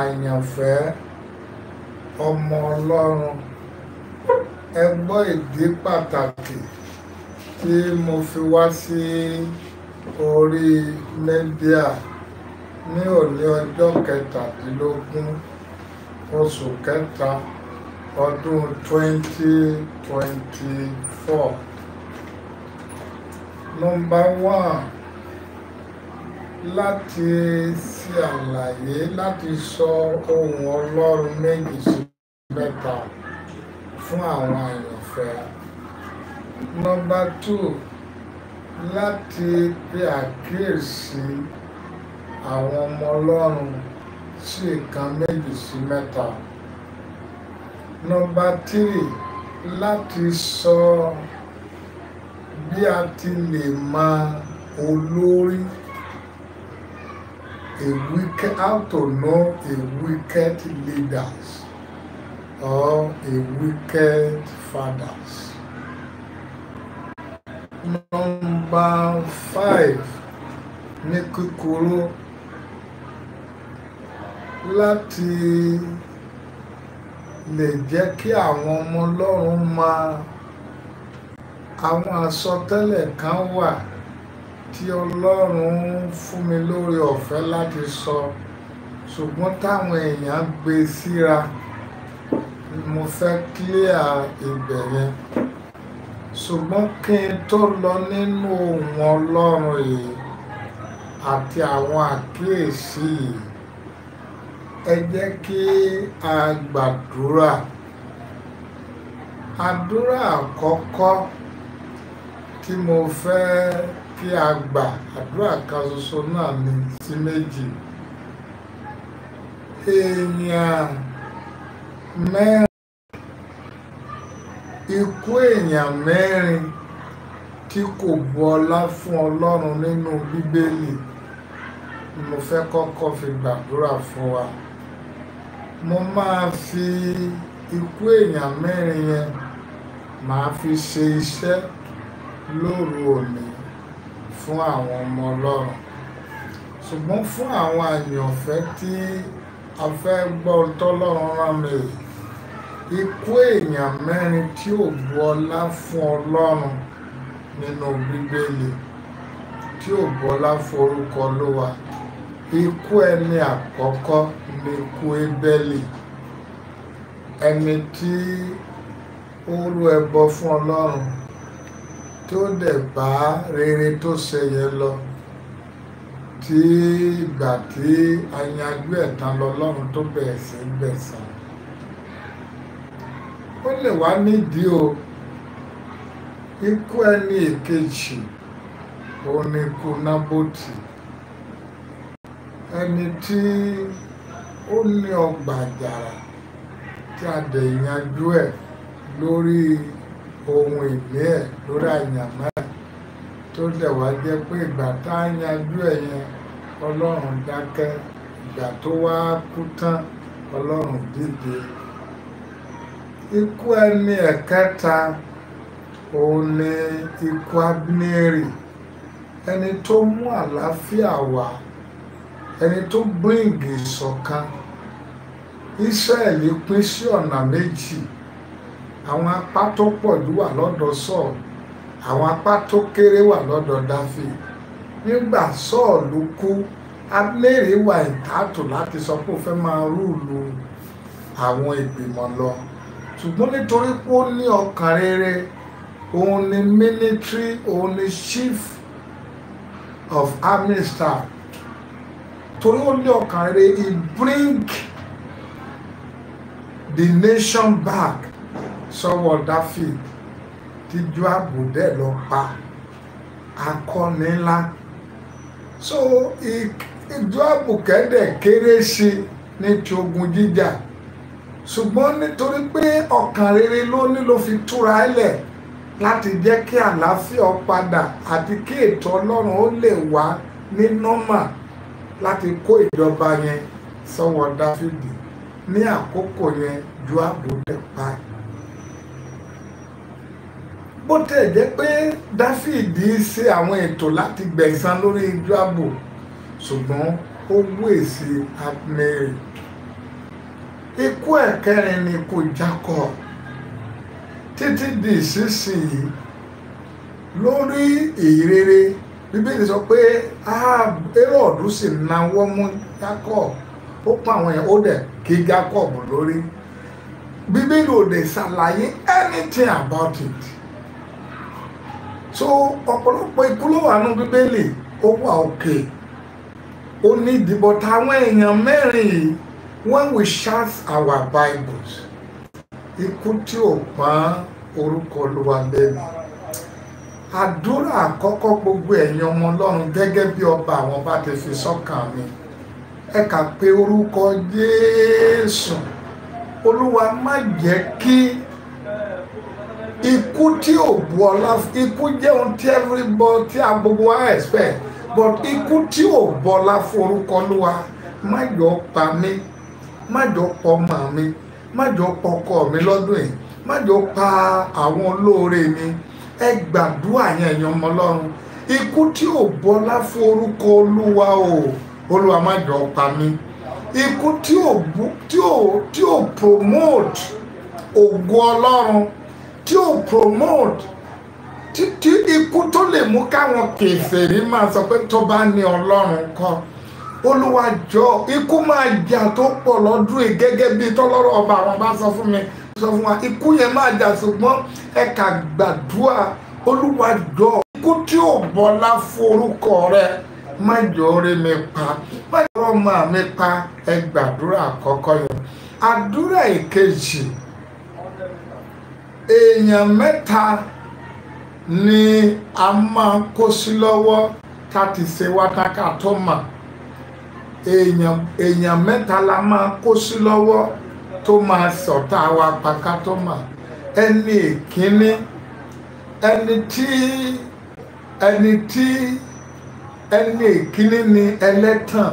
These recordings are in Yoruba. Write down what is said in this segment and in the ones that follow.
àyànfẹ́ ọmọ ọlọ́run ẹ gbọ́ ìdí pàtàkì tí mo fi wá sí orí mẹ́díà ní òní ọjọ́ kẹtàdínlógún oṣù kẹta ọdún 2024 nọ́mbà one láti ṣe àlàyé láti sọ ohun ọlọ́run méjì sí mẹ́ta fún àwọn àyànfẹ́. nọ́mbà tù láti pe àkíyèsí àwọn ọmọ ọlọ́run sí nǹkan méjì sí mẹ́ta. nọ́mbà tírì láti sọ bí a ti lè máa olórí a wicked, how to know a wicked leaders or a wicked fathers. Number five ní kúkúrú láti lè jẹ́ kí àwọn ọmọ Ọlọ́run máa àwọn àsọtẹ́lẹ̀ kan wà tí ọlọ́run fún mi lórí ọ̀fẹ́ láti sọ ṣùgbọ́n táwọn èèyàn gbé síra mo fẹ́ clear ibẹ̀ yẹn ṣùgbọ́n kí n tó lọ nínú ohun ọlọ́run yìí àti àwọn àkíyèsí yìí ẹ jẹ́ kí a gbàdúrà àdúrà àkọ́kọ́ tí mo fẹ́ kí a gba àdúrà kan ṣoṣo náà ní sí méjì èèyàn mẹ́rin ikú èèyàn mẹ́rin tí kò bu ọlá fún ọlọ́run nínú bíbélì mo fẹ́ kọ́kọ́ fi gbàdúrà fún wa mo máa fi ikú èèyàn mẹ́rin yẹn màá fi ṣe iṣẹ́ lóru òní fún àwọn ọmọ ọlọ́run ṣùgbọ́n fún àwọn àyànfẹ́ tí a fẹ́ gbọ́ tọ́lọ́run rán mi ikú èèyàn mẹ́rin tí ò bu ọlá fún ọlọ́run nínú bíbélì tí ò bu ọlá fún orúkọ Olúwa ikú ẹni àkọ́kọ́ ni ikú Ébẹ́lì ẹni tí ó rú ẹbọ fún ọlọ́run tó dẹ̀ bá rere tó ṣe yẹn lọ tí ìgbà tí ayanjú ẹ̀tàn lọ́lọ́run tó bẹ̀rẹ̀ sí gbẹ̀sán ó lè wá nídìí o ikú ẹni èkejì òun ni ikú nábòtì ẹni tí ó ní ọgbà àjàrà tí a dẹ̀ yanjú ẹ̀ lórí ohun ìgbé ẹ̀ lórí àyànmọ́ ẹ̀ tó dẹ̀ wá jẹ́ pé ìgbà tá a yanjú ẹ̀ yẹn ọlọ́run dákẹ́ ìgbà tó wá kú tán ọlọ́run dìde ikú ẹni ẹ̀kẹta òun ni ikú abineri ẹni tó mú àlàáfíà wá ẹni tó bring ìṣọ̀kan àwọn apá tó pọ̀ jù wà lọ́dọ̀ Sọ́ọ̀lù àwọn apá tó kéré wà lọ́dọ̀ Dáfídì nígbà Sọ́ọ̀lù kú Abneri wà ìtàtò láti sọ pé ó fẹ́ máa rúùlù àwọn ìgbìmọ̀ lọ ṣùgbọ́n nítorí pé ó ní ọkàn rere òun ni military òun ni chief of army staff torí ó ní ọkàn rere he bring the nation back sọ́wọ́ Dáfíd tí Jóábù dẹ̀ lọ pa akọni ńlá so Jóábù kẹ́dẹ̀ kéré sí ní ti ogun jíjà ṣùgbọ́n nítorí pé ọkàn rere ló ní ló fi túra ẹlẹ̀ láti jẹ́ kí àlàáfíà padà àti kí ètò ọlọ́run ó lè wá ní nọ́mà láti kó ìjọba yẹn sọ́wọ́ Dáfídì ní àkókò yẹn Jóábù dẹ̀ pa ẹ̀ bó tẹ̀ jẹ́ pé dáfídì ṣe àwọn ètò láti gbẹ̀san lórí Jóábù ṣùgbọ́n ó gbèsè abneri ikú ẹ̀kẹrin ni kò Jákọ́bù títí di ìsinsìnyí lórí ìrere bíbélì sọ pé Éróòdù sì nawọ́ mú Jákọ́bù ó pa àwọn yẹn ó dẹ̀ kí Jákọ́bù lórí bíbélì ò dẹ̀ ṣàlàyé anything about it so ọ̀pọ̀lọpọ̀ ikú ló wà nù bíbélì ó wà òkè ó ní ìdìbò táwọn èèyàn mẹ́rin yìí when we shout our bibles ikú tí ò pọ́n orúkọ Olúwa lẹ́nu àdúrà àkọ́kọ́ gbogbo ẹ̀yin ọmọ ọlọ́run gẹ́gẹ́ bí ọba àwọn bá ti fi sọ́kàn mi ẹ kà pé orúkọ Jésù Olúwa má jẹ́ kí ikú tí ò bu ọlá ikú jẹ́ ohun tí everybody tí a gbogbo wa expect but ikú tí ò bọ́lá forúkọ lúwa má jọ pa mí má jọ pọ ọmọ mi má jọ pọ ọkọ mi lọ́dún yìí má jọ pa àwọn olóore mi ẹ gbàdúrà yẹn ẹ̀yàn ọmọ ọlọ́run ikú tí ò bọ́lá forúkọ olúwa o olúwa má jọ pa mí ikú tí ò tí ò promote ògo ọlọ́run tí ò promote títí ikú tó lè mú káwọn kèfèrí máa sọ pé tó bá ní ọlọ́run kọ́ olúwa jọ ikú máa jà tó pọ̀ lọ́dún yìí gẹ́gẹ́ bíi tọ́lọ́rọ̀ ọba àwọn bá sọ fún mi sọ fún wa ikú yẹn máa jà ṣùgbọ́n ẹ kà gbàdúrà olúwa jọ ikú tí ò bọ́lá forúkọ rẹ má jọ orí mi pa má jọ ọmọ mi pa ẹ gbàdúrà àkọ́kọ́ yẹn àdúrà ìkejì. E èèyàn mẹ́ta ni a máa kó sí lọ́wọ́ tá a ti ṣe wátákà tó mà èèyàn èèyàn mẹ́ta la máa kó sí lọ́wọ́ tó máa sọ̀tá wa pàkà tó mà ẹni ìkíní ẹni tí ẹni tí ẹni ìkíní ni ẹlẹ́tàn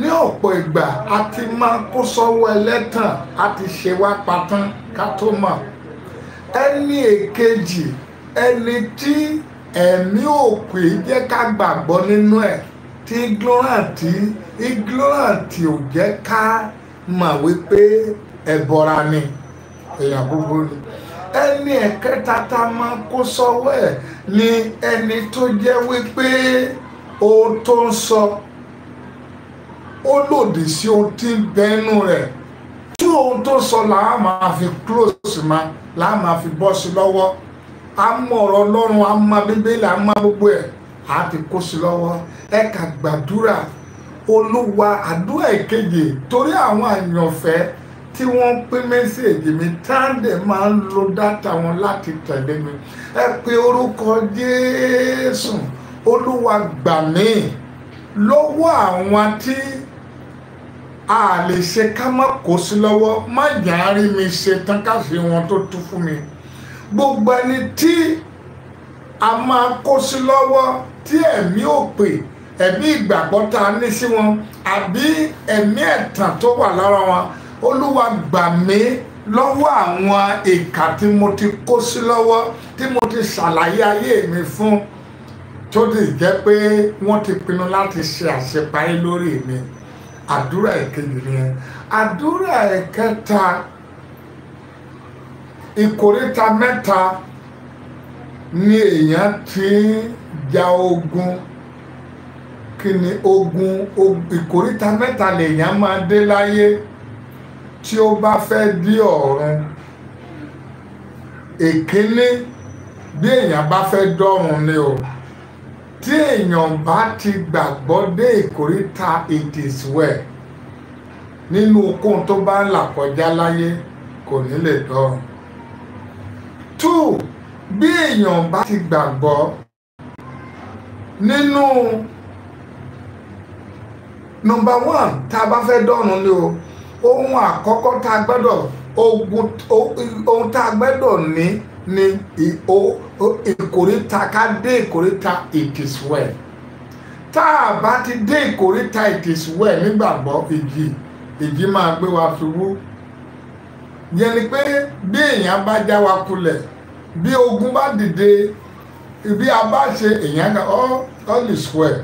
ní ọ̀pọ̀ ìgbà a ti máa kó sọ́wọ́ ẹlẹ́tàn a ti ṣe wá patán ká tó mọ̀ ẹni èkejì ẹni tí ẹ̀mí òkè jẹ́ ká gbàgbọ́ nínú ẹ̀ tí ignorant ignorant ò jẹ́ ká mọ̀ wípé ẹ̀bọra ni èèyàn gbogbo ni ẹni ẹ̀kẹta tá a máa kó sọ́wọ́ ẹ̀ ni ẹni tó jẹ́ wípé ohun tó ń sọ. So, ó lòdì sí ohun tí ń bẹnu rẹ̀ tí ohun tó sọ làá máa fi close ma làá máa fi bọ́ sí lọ́wọ́ a mọ ọ̀rọ̀ ọlọ́run a mọ bíbélì a mọ gbogbo ẹ̀ a ti kó sí lọ́wọ́ ẹ kà gbàdúrà olúwa àdúrà ìkejì torí àwọn àyànfẹ́ tí wọ́n pín mẹ́sẹ̀gì mi táǹdẹ̀ máa ń lo dátà wọn láti tẹ̀lé mi ẹ pe orúkọ jésù olúwa gbà mí lọ́wọ́ àwọn Tí a lè ṣe ká má kó sí lọ́wọ́ má jà á rí mi ṣe tán ká sí wọn tó tú fún mi gbogbo ẹni tí a máa kó sí lọ́wọ́ tí ẹ̀mí ò pè ẹ̀mí ìgbàgbọ́ tá a ní sí wọn àbí ẹ̀mí ẹ̀tàn tó wà lára wọn olúwa gbà mí lọ́wọ́ àwọn ìkà tí mo ti kó sí lọ́wọ́ tí mo ti ṣàlàyé ayé mi fún tó lè jẹ́ pé wọ́n ti pinnu láti ṣe àṣepayé lórí mi àdúrà ìkejì nìyẹn àdúrà ìkẹta ìkòríta mẹ́ta ni èèyàn ti ń ja ogun kí ni ogun ìkòríta mẹ́ta lèèyàn máa dé láyé tí ó bá fẹ́ dí ọ̀run èkíní bí èèyàn bá fẹ́ dọ́run ni o. E tí èèyàn bá ti gbàgbọ́ dé ìkórìtà it is well nínú okun tó bá ń là kọjá láyé kò ní lè dọ̀rùn. two bí èèyàn bá ti gbàgbọ́ nínú number one tá a bá fẹ́ dọ̀rùn ni o ohun àkọ́kọ́ tá a gbọ́dọ̀ ohun tá a gbọ́dọ̀ ní ni ìkórìtà ká dé ìkórìtà it is well tá a bá ti dé ìkórìtà it is well nígbàgbọ́ ìjì ìjì máa gbé wa ṣubú yẹn ni pé bí èèyàn bá já wa kulẹ̀ bí ogun bá dìde bí a bá ṣe èèyàn kan all oh, all is well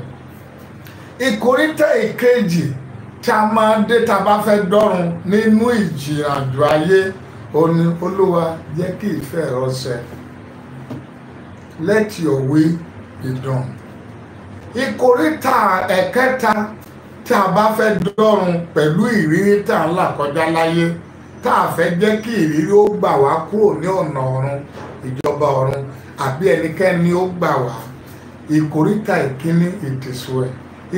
ìkórìtà ìkejì tá a máa dé tá a bá fẹ́ dọ́run nínú ìjìyànjú ayé. oni oluwa olúwa jẹ́ kí ìfẹ́ rọ ṣẹ let your will be done ìkórìtà ẹ̀kẹta tí a bá fẹ́ dọ́run pẹ̀lú ìrírí tá a là kọjá láyé tá a fẹ́ jẹ́ kí ìrírí ó gbà wá kúrò ní ọ̀nà ọ̀run ìjọba ọ̀run àbí ẹnikẹ́ni ó gbà wá ìkórìtà ìkíní ìtìsúẹ̀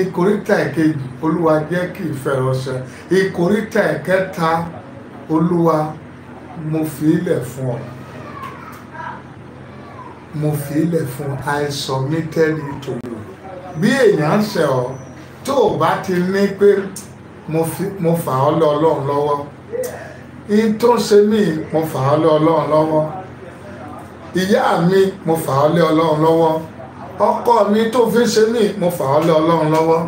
ìkórìtà ìkejì olúwa jẹ́ kí ìfẹ́ rọṣẹ ìkórìtà ìkẹta olúwa mo fi ilẹ̀ fún ọ mo fi ilẹ̀ fún I submitted it to you bí èèyàn ṣẹ̀ ọ́ tó o bá ti ní pé mo fà ọ́ lọ ọlọ́run lọ́wọ́ in tó ń ṣe mí mo fà ọ́ lọ ọlọ́run lọ́wọ́ ìyá mi mo fà ọ́ lé ọlọ́run lọ́wọ́ ọkọ mi tó fi ṣe mí mo fà ọ́ lé ọlọ́run lọ́wọ́.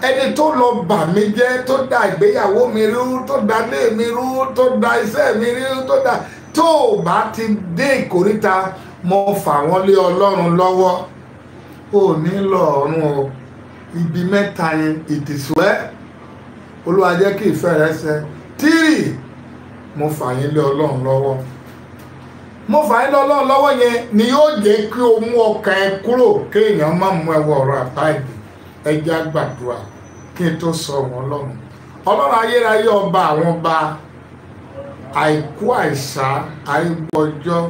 ẹni tó lọ bà mí jẹ́ tó da ìgbéyàwó mi rú tó da ilé mi rú tó da iṣẹ́ mi rú tó da tó o bá ti dé ìkóríta mo fà wọn lé ọlọ́run lọ́wọ́ ò ní lọ ọ̀run o ibi mẹ́ta yẹn ìdìsúẹ́ olúwa jẹ́ kí ìfẹ́ rẹ ṣẹ tírì mo fà yín lé ọlọ́run lọ́wọ́ mo fà yín lé ọlọ́run lọ́wọ́ yẹn ni yóò jẹ́ kí o mú ọkàn ẹ kúrò kéèyàn má mú ẹwọ ọ̀rọ̀ àbá ẹjẹ́ àgbàdua kí n tó sọ wọn ọlọ́run ayérayé ọba àwọn ọba àìkú àìsá àìgbọ́jọ́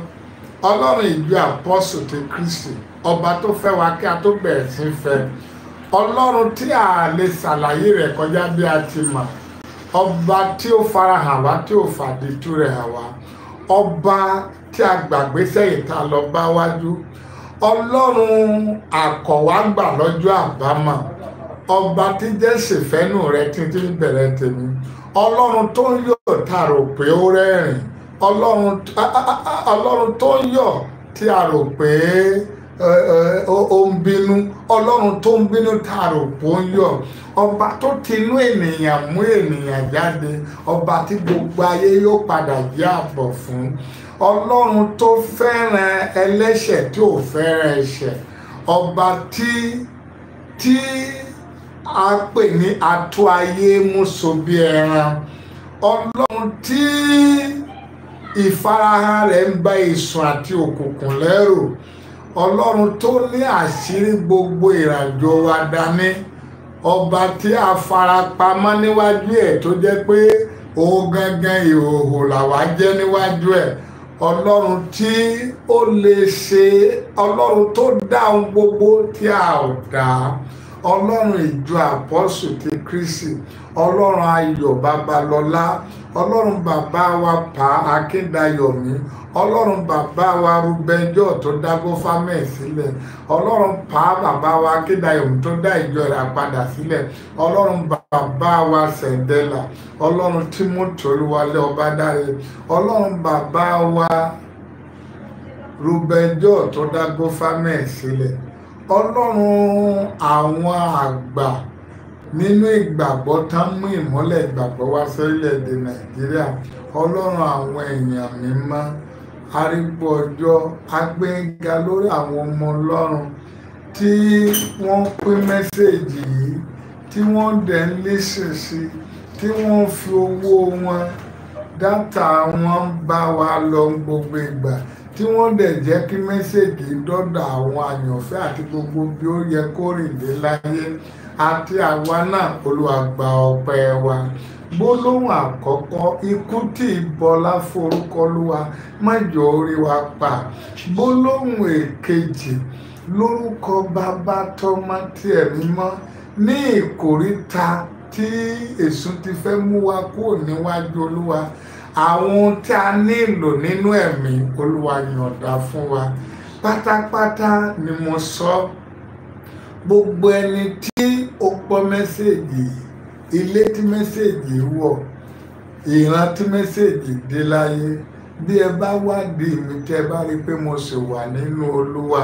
ọlọ́run ìjọ àpọ́sù ti kristi ọba tó fẹ́ wa kí a tó bẹ̀rẹ̀ sí fẹ́ ọlọ́run tí a lè ṣàlàyé rẹ̀ kọjá a ti ọba tí ó farahàn wá tí ó rẹ̀ hàn ọba tí a gbàgbé lọ bá wájú. ọlọ́run àkọ̀wá gbà lọ́jọ́ àbámọ̀ ọba tí jésù fẹ́nu rẹ títí bẹ̀rẹ̀ tèmi ọlọ́run tó ń yọ̀ tá a rò pé ó rẹ́rìn ọlọ́run tó ń yọ̀ tí a rò pé ó ń bínú ọlọ́run tó ń bínú tá a rò pé ó ń yọ̀ ọba tó ti inú ènìyàn mú ènìyàn jáde ọba tí gbogbo ayé yóò padà jẹ́ àbọ̀ fún ọlọ́run tó fẹ́ràn ẹlẹ́ṣẹ̀ tí ò fẹ́ràn ẹ̀ṣẹ̀ ọba tí tí a pè ní atú ayé mú so bí ẹran ọlọ́run tí ìfarahàn rẹ̀ ń bá ìsùn àti òkùnkùn lẹ́rù ọlọ́run tó ní àṣírí gbogbo ìrìnàjò wa dání ọba tí a farapamọ́ níwájú ẹ̀ tó jẹ́ pé òun gangan ìhòòhò làwa jẹ́ níwájú ẹ̀ ọlọ́run tí ó lè ṣe ọlọ́run tó dá ohun gbogbo tí a ò dá ọlọ́run ìjọ àpọ́sù ti kristi ọlọ́run ayọ̀ babalọ́lá ọlọ́run bàbá wa pa akíndayọ̀mí ọlọ́run bàbá wa rúgbẹ́jọ́ tó dá gófámẹ̀ sílẹ̀ ọlọ́run pa bàbá wa akíndayọ̀mí tó dá ìjọ rẹ̀ padà sílẹ̀ ọlọ́run bàbá wa sẹ̀dẹ́là ọlọ́run tímọ́tò olúwalẹ̀ ọbádáre ọlọ́run bàbá wa rúgbẹ́jọ́ tó dá gófámẹ̀ sílẹ̀ ọlọ́run àwọn àgbà nínú ìgbàgbọ́ tá ń mú ìmọ́lẹ̀ ìgbàgbọ́ wá sórílẹ̀-èdè nàìjíríà ọlọ́run àwọn èèyàn mímọ́ arígbọ́jọ́ agbẹ́ga lórí àwọn ọmọ ọlọ́run tí wọ́n pín mẹ́sẹ̀gì yìí tí wọ́n dẹ̀ ń lẹ́sìn sí tí wọ́n fi owó wọn dátà wọn bá wa lọ gbogbo ìgbà tí wọ́n dẹ̀ jẹ́ kí mẹ́sẹ̀gì dọ́dọ̀ àwọn àyànfẹ́ àti gbogbo bí ó yẹ kó rìn dé láyé àti àwa náà Olúwa gba ọpẹ́ wa gbólóhùn àkọ́kọ́ ikú tí ìbọlá forúkọ Olúwa mọ́jọ orí wa pa gbólóhùn èkejì lórúkọ bàbá tọ́mọ tí ẹ̀mí mọ́ ní ìkóríta tí èṣù ti fẹ́ mú wa kúrò níwájú Olúwa àwọn ohun tí a nílò nínú ẹ̀mí olúwa yọ̀ǹda fún wa pátápátá ni mo sọ gbogbo ẹni tí ó gbọ́ mẹ́sẹ̀gì ilé tí mẹ́sẹ̀gì wọ̀ ìran tí mẹ́sẹ̀gì dé láyé bí ẹ bá wádìí mi tí ẹ bá rí i pé mo sì wà nínú olúwa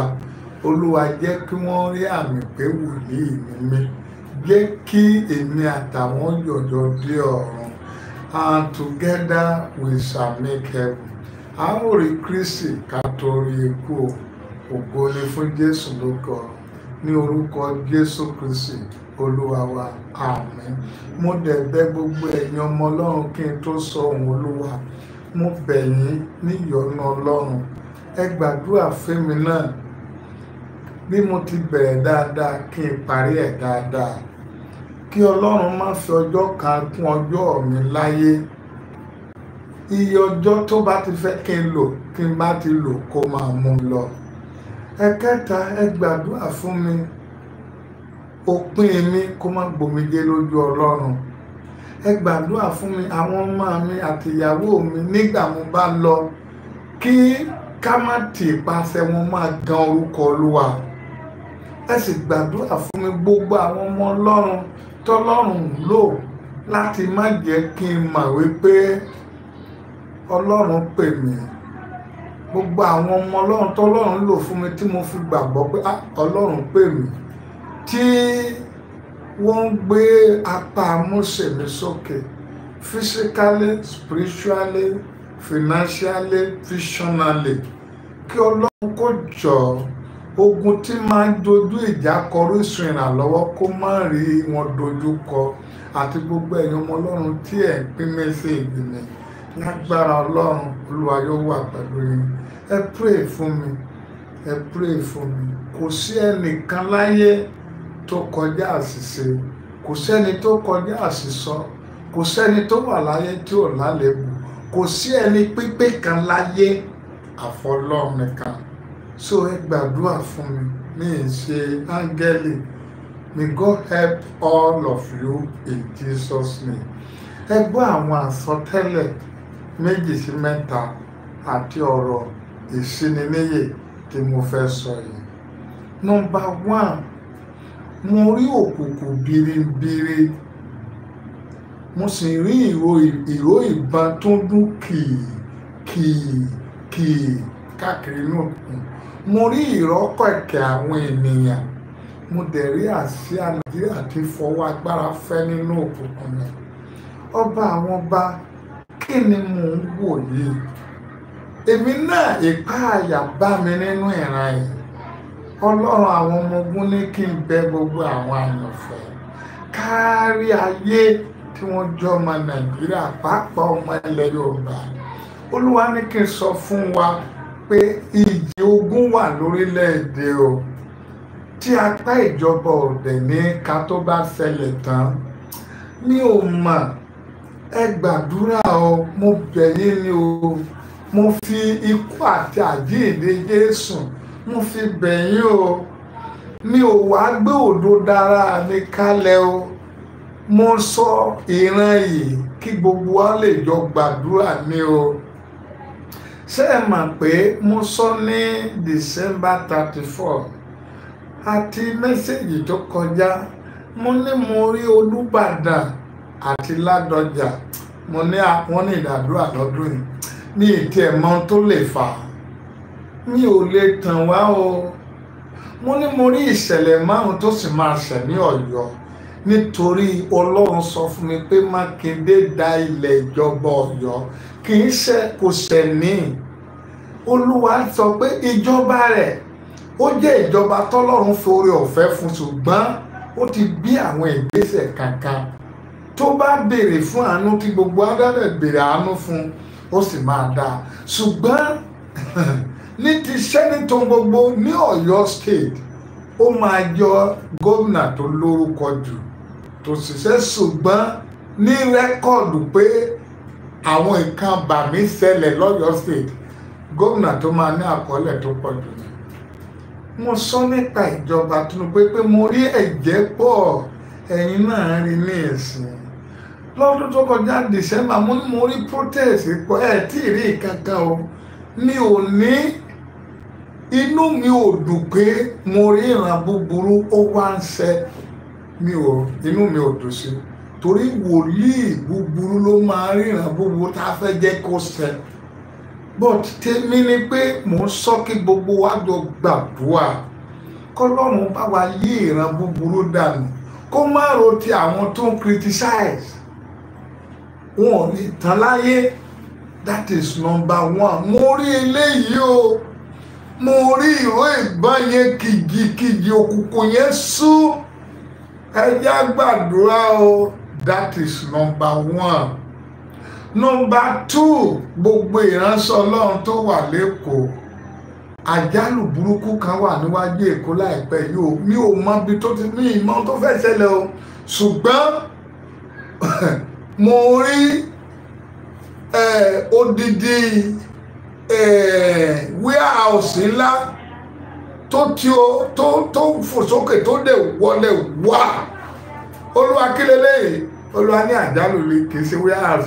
olúwa jẹ́ kí wọ́n rí àmì pé wòlíì ni mí jẹ́ kí èmi àtàwọn jọ̀jọ̀ dé ọ̀run and together we shall make heaven. a ó rí Kristi ká tó rí ikú ògo ni fún Jésù lóko ní orúkọ Jésù Kristi olúwa wa àmín mo dẹ̀ bẹ̀ gbogbo ẹ̀yin ọmọ ọlọ́run kí n tó sọ ohun olúwa mo bẹ̀ yín níyọ́nú ọlọ́run ẹ gbàdúrà fẹ́mi náà bí mo ti bẹ̀rẹ̀ dáadáa kí n parí ẹ̀ dáadáa kí ọlọ́run má fi ọjọ́ kan kún ọjọ́ mi láyé iye ọjọ́ tó bá ti fẹ́ kí n lò kí n bá ti lò kó máa mú un lọ ẹ̀kẹta ẹ gbàdúrà fún mi òpin mi kó má gbòmìgé lójú ọlọ́run ẹ gbàdúrà fún mi àwọn ọmọ mi àtìyàwó mi nígbà mo bá lọ kí ká má tì ipasẹ̀ wọn máa gan orúkọ olúwa ẹ sì gbàdúrà fún mi gbogbo àwọn ọmọ ọlọ́run tọ́lọ́run lò láti má jẹ́ kí n mọ̀ wípé ọlọ́run pè mí gbogbo àwọn ọmọ ọlọ́run tọ́lọ́run lò fún mi tí mo fi gbàgbọ́ pé ah, ọlọ́run pè mí tí wọ́n ń gbé apá amúṣe mi sókè physically spiritually financially visionally kí ọlọ́run kó jọ ogun tí máa ń dojú ìjà kọ orísun ìrànlọ́wọ́ kó má rí wọn dojú kọ àti gbogbo ẹ̀yin ọmọ ọlọ́run tí ẹ̀ ń pín mẹ́sẹ̀ẹ́jì mi lágbára ọlọ́run olúwa yóò wà pẹ̀lú yín ẹ pray fún mi ẹ pray fún mi kò sí ẹnìkan láyé tó kọjá àṣìṣe kò sẹ́ni tó kọjá àṣìṣọ kò sẹ́ni tó wà láyé tí ò lálébù kò sí ẹni pípé kan láyé àfọlọ́run so ẹ gbàdúrà fún mi mi ì ṣe áńgẹ́lì may God help all of you in Jesus name ẹ gbọ́ àwọn àsọtẹ́lẹ̀ méjì sí mẹ́ta àti ọ̀rọ̀ ìsininíyè tí mo fẹ́ sọ yìí nọ́mbà one mo rí òkùnkùn biribiri mo sì rí ìró ìbọn tó dún kìí kìí kìí káàkiri náà mo rí ìrọ́kọ̀kẹ̀ àwọn ènìyàn mo dẹ̀ rí àsíá nàìjíríà tí fọwọ́ agbára fẹ́ nínú òkùnkùn mi ọba àwọn ọba kí ni mò ń wò yìí èmi náà ìpáàyà bá mi nínú ìran yìí ọlọ́run àwọn ọmọ ogun ní kí n bẹ gbogbo àwọn àyànfẹ́ kárí ayé tí wọ́n jọ ọmọ nàìjíríà pàápàá ọmọ ilẹ̀ yorùbá olúwa ní kí n sọ fún wa pé ìjì ogun wà lórílẹ̀‐èdè o tí apá ìjọba ọ̀dẹ̀ ní ká tó bá ṣẹlẹ̀ tán mi ò mọ̀ ẹ gbàdúrà o mo bẹ̀ yín ni o mo fi ikú àti àjíǹde Jésù mo fi bẹ̀ yín o mi ò wá gbé òdodo ara mi kalẹ̀ o mo sọ ìran yìí kí gbogbo wa lè jọ gbàdúrà ni o ṣé ẹ mọ̀ pé mo sọ ní December thirty four àti mẹ́sẹ̀gì tó kọjá mo ní mo rí Olúbàdàn àti Ládọjà mo ní àwọn ní ìdàdúrà lọ́dún yìí ní ìtì ẹ̀mọ tó lè fà á mi ò lè tàn wá o mo ní mo rí ìṣẹ̀lẹ̀ márùn-ún tó sì máa ṣẹ̀ ní Ọ̀yọ́ nítorí Ọlọ́run sọ fún mi pé Mákindé da ilẹ̀ ìjọba Ọ̀yọ́ kì í ṣe kò ṣẹ̀mí olúwa sọ pé ìjọba rẹ̀ ó jẹ́ ìjọba tọ́lọ́run forí ọ̀fẹ́ fún ṣùgbọ́n ó ti bí àwọn ìgbésẹ̀ kankan tó bá béèrè fún àánú tí gbogbo adájọ́ béèrè àánú fún ó sì máa dáa ṣùgbọ́n ní ti sẹ́nitọ́ gbogbo ní ọ̀yọ́ state ó máa yọ gómìnà tó lórúkọ jù tó sì ṣe ṣùgbọ́n ní rẹ́kọ̀dù pé àwọn nǹkan bàmí ṣẹlẹ̀ lọ́yọ́ state gómìnà tó máa ní àkọọ́lẹ̀ tó pọ̀ jù ní. mo sọ nípa ìjọba Tinubu pé mo rí ẹ̀jẹ̀ pọ̀ ẹ̀yin náà rí ní lọ́dún tó kọjá December mo ní mo rí protest pọ̀ ẹ̀ tí ì rí kankan o mi ò ní inú mi ò dùn pé mo rí búburú ó wá ń ṣe mi inú mi ò dùn sí i. torí wòlíì búburú ló máa ríran búburú tá a fẹ́ jẹ́ kó ṣẹ but tèmi ni pé mò ń sọ kí gbogbo wa jọ gbàdúrà kọlọ́run bá wa yí ìran búburú dànù kó má ro ti àwọn tó ń criticize wọn ò ní tán láyé that is number one mo rí eléyìí o mo rí ìró ìbọn yẹn kìjikìji òkùnkùn yẹn sú ẹ gbàdúrà o that is number one number two gbogbo ìránṣẹ́ ọlọ́run tó wà lẹ́kọ̀ọ́ àjálù burúkú kan wà níwájú èkó láìpẹ́ yóò mi ò mọ ibi tó ti ní ìmọ̀ tó fẹ́ ṣẹlẹ̀ o ṣùgbọ́n mo rí odidi warehouse ńlá tó tí o tó fò sókè tó dẹ̀ wọlé wá olúwa kí lélẹ́yìn olúwa ní àjálù lè kì í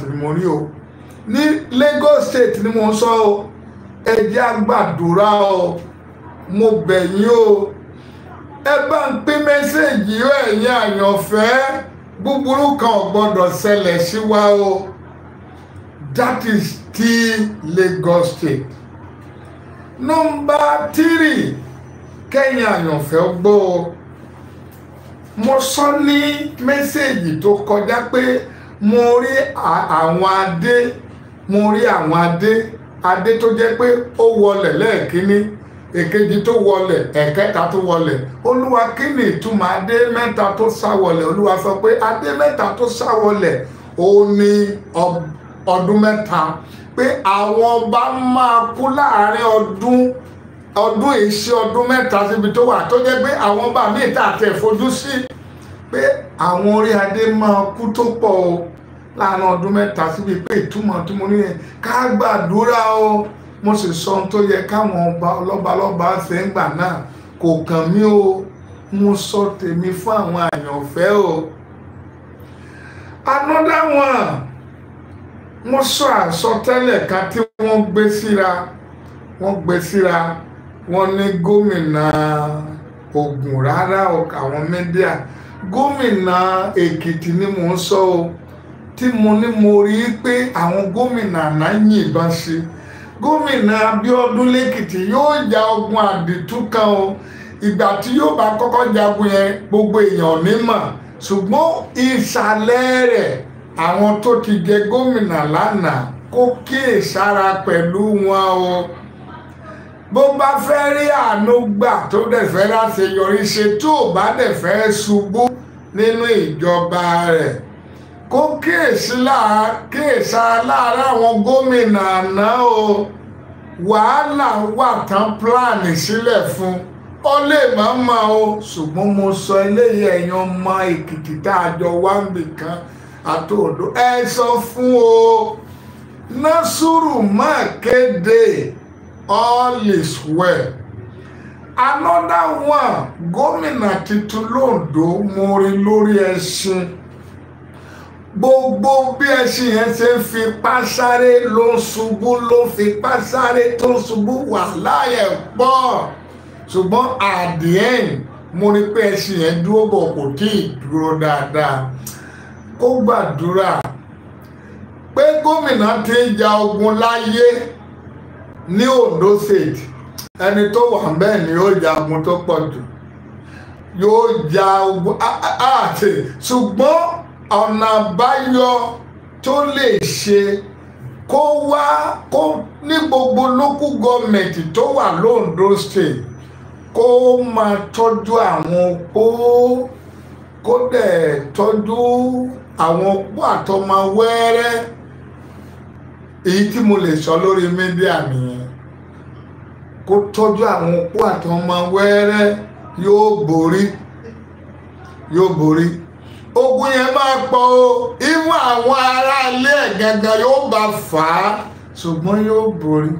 ni mo rí o ní Lagos State ni mo ń sọ o ẹ jẹ́ a gbàdúrà o mo bẹ̀ yín o ẹ bá ń pín mẹ́sẹ̀gì ẹ̀yin àyànfẹ́ búburú kan ò gbọ́dọ̀ ṣẹlẹ̀ sí wa o that is still Lagos State nọ́mbà tírì kẹ́yìn àyànfẹ́ gbọ́ o mo sọ ní mẹ́sẹ̀gì tó kọjá pé mo rí àwọn adé mo rí àwọn adé adé tó jẹ́ pé ó wọlẹ̀ lẹ́ẹ̀kínní èkejì tó wọlẹ̀ ẹ̀kẹta tó wọlẹ̀ olúwa kí ni ìtumọ̀ adé mẹ́ta tó sá wọlẹ̀ olúwa sọ pé adé mẹ́ta tó sá wọlẹ̀ òun ni ọdún mẹ́ta pé àwọn ọba máa kú láàárín ọdún ọdún ìṣe ọdún mẹ́ta síbi tó wà tó jẹ́ pé àwọn bá mi ìta àti ẹ̀fojú sí pé àwọn orí adé máa kú tó pọ̀ o láàánú ọdún mẹ́ta síbi pé ìtumọ̀ tí mo ní yẹn ká gbàdúrà o mo sì sọ ohun tó yẹ káwọn ọba ọlọ́ba ọlọ́ba ṣe ń gbà náà kò kàn mí o mo sọ tèmi fún àwọn àyànfẹ́ o anọ́dá wọn wọ́n sọ àsọtẹ́lẹ̀ kan tí wọ́n gbé síra wọ́n gbé síra. wọ́n ní gómìnà Ògùn rárá àwọn mídíà gómìnà Èkìtì ni mò ń sọ o tí mo ní mo rí i pé àwọn gómìnà àná bá ṣe gómìnà Abíọ́dún lẹ́kìtì yóò ja ogun àdìtú kan o ìgbà tí yóò bá kọ́kọ́ jagun yẹn gbogbo èèyàn nímọ̀ ṣùgbọ́n ìsàlẹ̀ rẹ̀ àwọn tó ti jẹ gómìnà lánàá kó kíyèsára pẹ̀lú wọn o. bó bá fẹ́ rí àánú gbà tó dẹ̀ fẹ́ láti yọrí ṣe tó bá dẹ̀ fẹ́ ṣubú nínú ìjọba rẹ̀ kó kíyèsá láàárọ̀ àwọn gómìnà àná o wàhálà wà tán pílánì sílẹ̀ fún ó lè má mọ o ṣùgbọ́n mo sọ eléyìí ẹ̀yàn ọmọ èkìtì tá a jọ wá ń bì kan àtòòdó ẹ sọ fún o násùrù má kéde all is well. another one gómìnà tuntun londo mo rí lórí ẹṣin gbogbo bí ẹṣin yẹn ṣe ń fi pásáré ló ń ṣubú ló ń fi pásáré tó ń ṣubú wà láyé pọ̀ ṣùgbọ́n at the end mo rí pé ẹṣin yẹn dúró bọ̀ kò tí ì dúró dáadáa kó gbàdúrà pé gómìnà ti ń ja ogun láyé. ní Ondo state ẹni tó wà bẹ́ẹ̀ ni yóò jagun tó pọ̀ jù yóò ja àti ṣùgbọ́n ọ̀nà àbáyọ tó lè ṣe kó wá kó ní gbogbo local government tó wà l'Ondo state kó máa tọ́jú àwọn opó kó dẹ̀ tọ́jú àwọn opó àtọmọ wẹ́rẹ́ èyí tí mo lè sọ lórí mídíà nìyẹn kó tọ́jú àwọn opó àtọmọ wẹ́rẹ́ yóò borí yóò borí ogun yẹn máa pọ̀ o imú àwọn aráalé ẹ̀ gangan yóò bá fà á ṣùgbọ́n yóò borí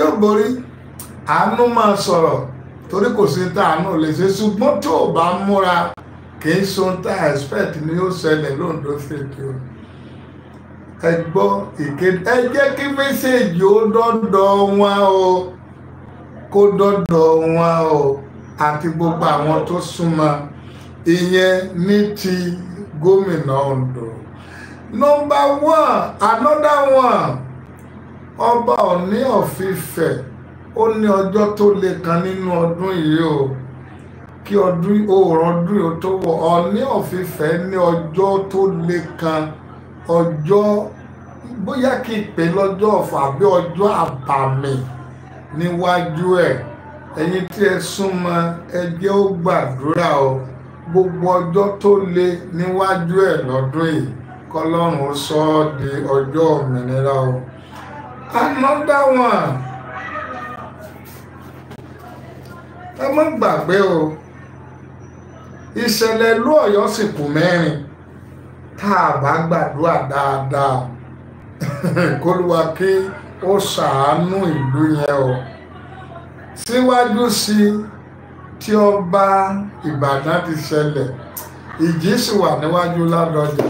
yóò borí àánú máa sọ̀rọ̀ torí kò sí tá àánú lè ṣe ṣùgbọ́n tó o bá múra kì í ṣe ohun tá a expect ni yóò ṣẹlẹ̀ lóńdó fèkì o ẹ gbọ́ ìkéde ẹ jẹ́ kí mẹ́sẹ̀jì ó dọ́dọ̀ wọn o kó dọ́dọ̀ wọn o àti gbogbo àwọn tó súnmọ́ ìyẹn ní ti gómìnà Ondo nọ́mbà one another one ọba Ọ̀ní of Ifẹ̀ ó ní ọjọ́ tó le kan nínú ọdún yìí o kí ọdún òòrùn ọdún yìí tó wọ Ọ̀ní of ní ọjọ́ tó le kan ọjọ́ bóyá kí n pè lọ́jọ́ ọ̀fọ̀ àbí ọjọ́ àbàmì níwájú ẹ̀ ẹ̀yin tí ẹ súnmọ́ ẹ ó gbàdúrà o gbogbo ọjọ́ tó le níwájú ẹ̀ lọ́dún yìí kọlọ́run sọ ọ́ di ọjọ́ òmìnira o. another one ẹ má gbàgbé o ìṣẹ̀lẹ̀ lóòyọ́ sì kù mẹ́rin. tá a gbaduwa daadaa dáadáa kólúwa kí ó ṣàánú ìlú yẹn o síwájú sí tí ọba Ìbàdàn ti ṣẹlẹ̀ ìjì sì wà níwájú Ládọjà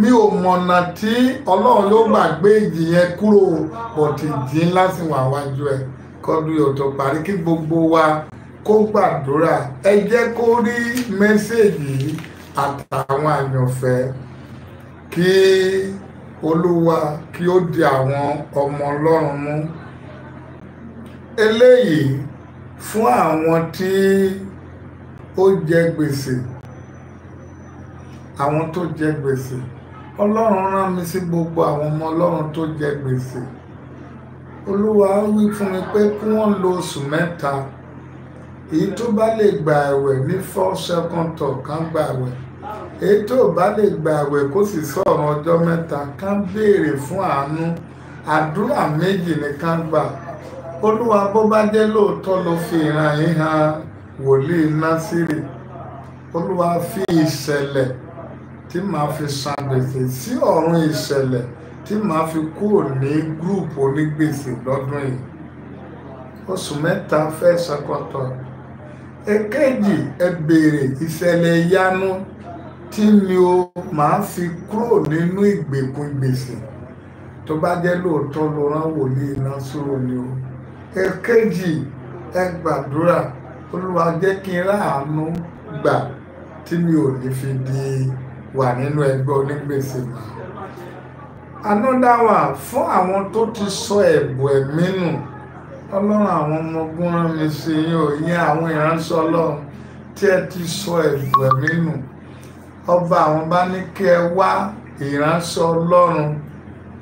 mi ò mọ̀nà tí Ọlọ́run ló gbà ìjì yẹn kúrò bọ̀tì ńlá sì wà wájú ẹ̀ kọ́dún gbogbo wa kó gbàdúrà ẹ jẹ́ kó rí mẹ́sẹ̀gì àtàwọn àyànfẹ́ kí olúwa kí ó di àwọn ọmọ ọlọ́run mú eléyìí fún àwọn tí ó jẹ gbèsè àwọn tó jẹ gbèsè ọlọ́run rán mi sí gbogbo àwọn ọmọ ọlọ́run tó jẹ gbèsè olúwa wí fún mi pé kí wọ́n lo oṣù mẹ́ta èyí tó bá lè gba àwẹ̀ ní four second talk kan gba àwẹ̀ èyí tó bá lè gba àwẹ̀ kó sì sọ̀rọ̀ ọjọ́ mẹ́ta kan béèrè fún àánú àdúrà méjì ni kan gbà olúwa bó bá jẹ́ lóòótọ́ ló fi ìran yìí hàn wòlíì násìrì olúwa fi ìṣẹ̀lẹ̀ tí màá fi san gbèsè sí ọ̀run ìṣẹ̀lẹ̀ tí màá fi kúrò ní gúrùpù onígbèsè lọ́dún yìí oṣù mẹ́ta fẹ́ ṣàkọ́tọ̀ Ekeji ẹ béèrè ìṣẹ̀lẹ̀ ìyanu tí mi ò máa fi kúrò nínú ìgbèkùn gbèsè tó bá jẹ́ lóòótọ́ ló rán wòlíì iná sóró ni o èkejì ẹ gbàdúrà olúwa jẹ́ kí n ráàánú gbà tí mi ò ní fi di wà nínú ẹgbẹ́ onígbèsè mọ́ another one fún àwọn tó ti sọ ẹ̀bùn ẹ̀mí ọlọ́run àwọn ọmọ ogun rán mi sí yín ò yín àwọn ìránṣẹ́ ọlọ́run tí ẹ ti sọ ẹ̀bùn mi nù ọba àwọn bá ní kí ẹ wá ìránṣẹ́ ọlọ́run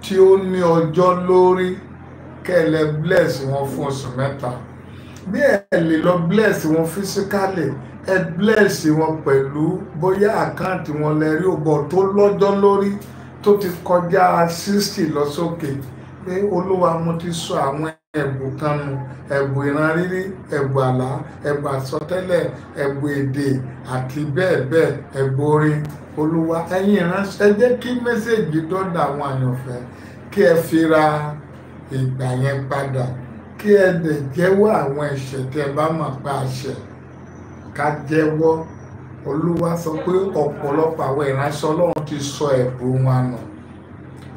tí ó ní ọjọ́ lórí kẹlẹ bless wọn fún oṣù mẹ́ta bí ẹ lè lọ bless wọn fisikálì ẹ bless wọn pẹ̀lú bóyá àkáǹtì wọn lè rí òbọ̀ tó lọ́jọ́ lórí tó ti kọjá sixty lọ sókè pé olúwa mo ti sọ àwọn ẹ̀bù kanu ẹ̀bù ìran rírí ẹ̀bù àlá ẹ̀bù àsọtẹ́lẹ̀ ẹ̀bù èdè àti bẹ́ẹ̀ bẹ́ẹ̀ ẹ̀bù orin olúwa ẹ̀yin ìránṣẹ́ jẹ́ kí mẹ́sẹ̀gì dọ́dà àwọn àyànfẹ́ kí ẹ fira ìgbà yẹn padà kí ẹ lè jẹ́wọ́ àwọn ẹ̀ṣẹ̀ tí ẹ bá mọ̀ pa àṣẹ ká jẹ́wọ́ olúwa sọ pé ọ̀pọ̀lọpọ̀ àwọn ìránṣẹ́ ọlọ́run ti sọ ẹ̀bùn wọn nù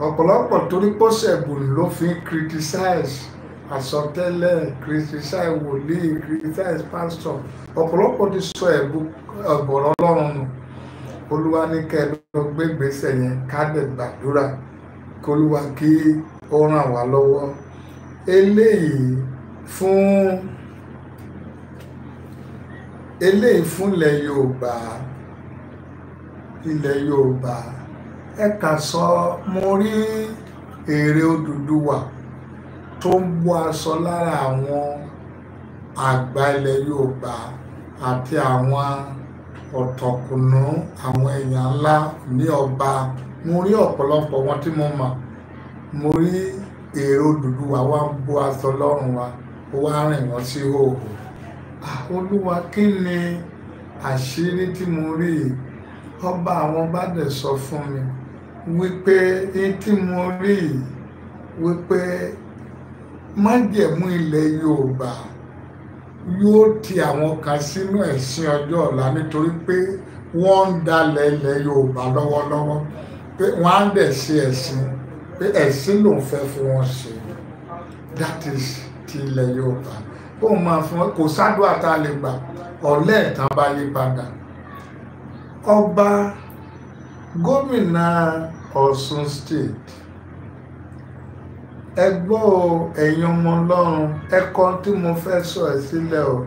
ọ̀pọ̀lọpọ̀ torí pọ́sẹ̀bùn ló fi criticize àsọtẹ́lẹ̀ criticize wòlíì criticize pastor ọ̀pọ̀lọpọ̀ ti sọ ẹ̀bùrọ̀ ọlọ́run nù olúwa ní kẹ́ẹ̀dọ́ gbégbèsè yẹn kádẹ̀ gbàdúrà kólúwa kí ó ràn wá lọ́wọ́ eléyìí fún eléyìí fúnlẹ̀ yorùbá ilẹ̀ yorùbá ẹ̀ka sọ mo rí èrè Odùduwà tó ń bọ́ aṣọ lára àwọn àgbà ilẹ̀ Yorùbá àti àwọn ọ̀tọ̀kùnú àwọn èèyàn ńlá ní ọba mo rí ọ̀pọ̀lọpọ̀ wọn tí mo mọ̀ mo rí èrò dúdú wa wá ń bọ́ aṣọ lọ́rùn wa ó wá rìn wọ́n sí òògùn olúwa kí ni àṣírí tí mo rí ọba àwọn bá dẹ̀ sọ fún mi wípé ní tí mo rí wípé májẹ̀mú ilẹ̀ Yorùbá yóò ti àwọn kan sínú ẹ̀sìn ọjọ́ ọ̀la nítorí pé wọ́n ń dalẹ̀ ilẹ̀ Yorùbá lọ́wọ́lọ́wọ́ pé wọ́n á dẹ̀ ṣe ẹ̀sìn pé ẹ̀sìn ló fẹ́ fún wọn ṣe that is ti ilẹ̀ Yorùbá ó máa fún wọn kò sádùá tá a lè gbà ọ̀lẹ́ ìtàn bá yí padà ọba gómìnà Ọ̀ṣun state ẹ gbọ́ o ẹ̀yin ọmọ ọlọ́run ẹ kọ tí mo fẹ́ sọ ẹ sílẹ̀ o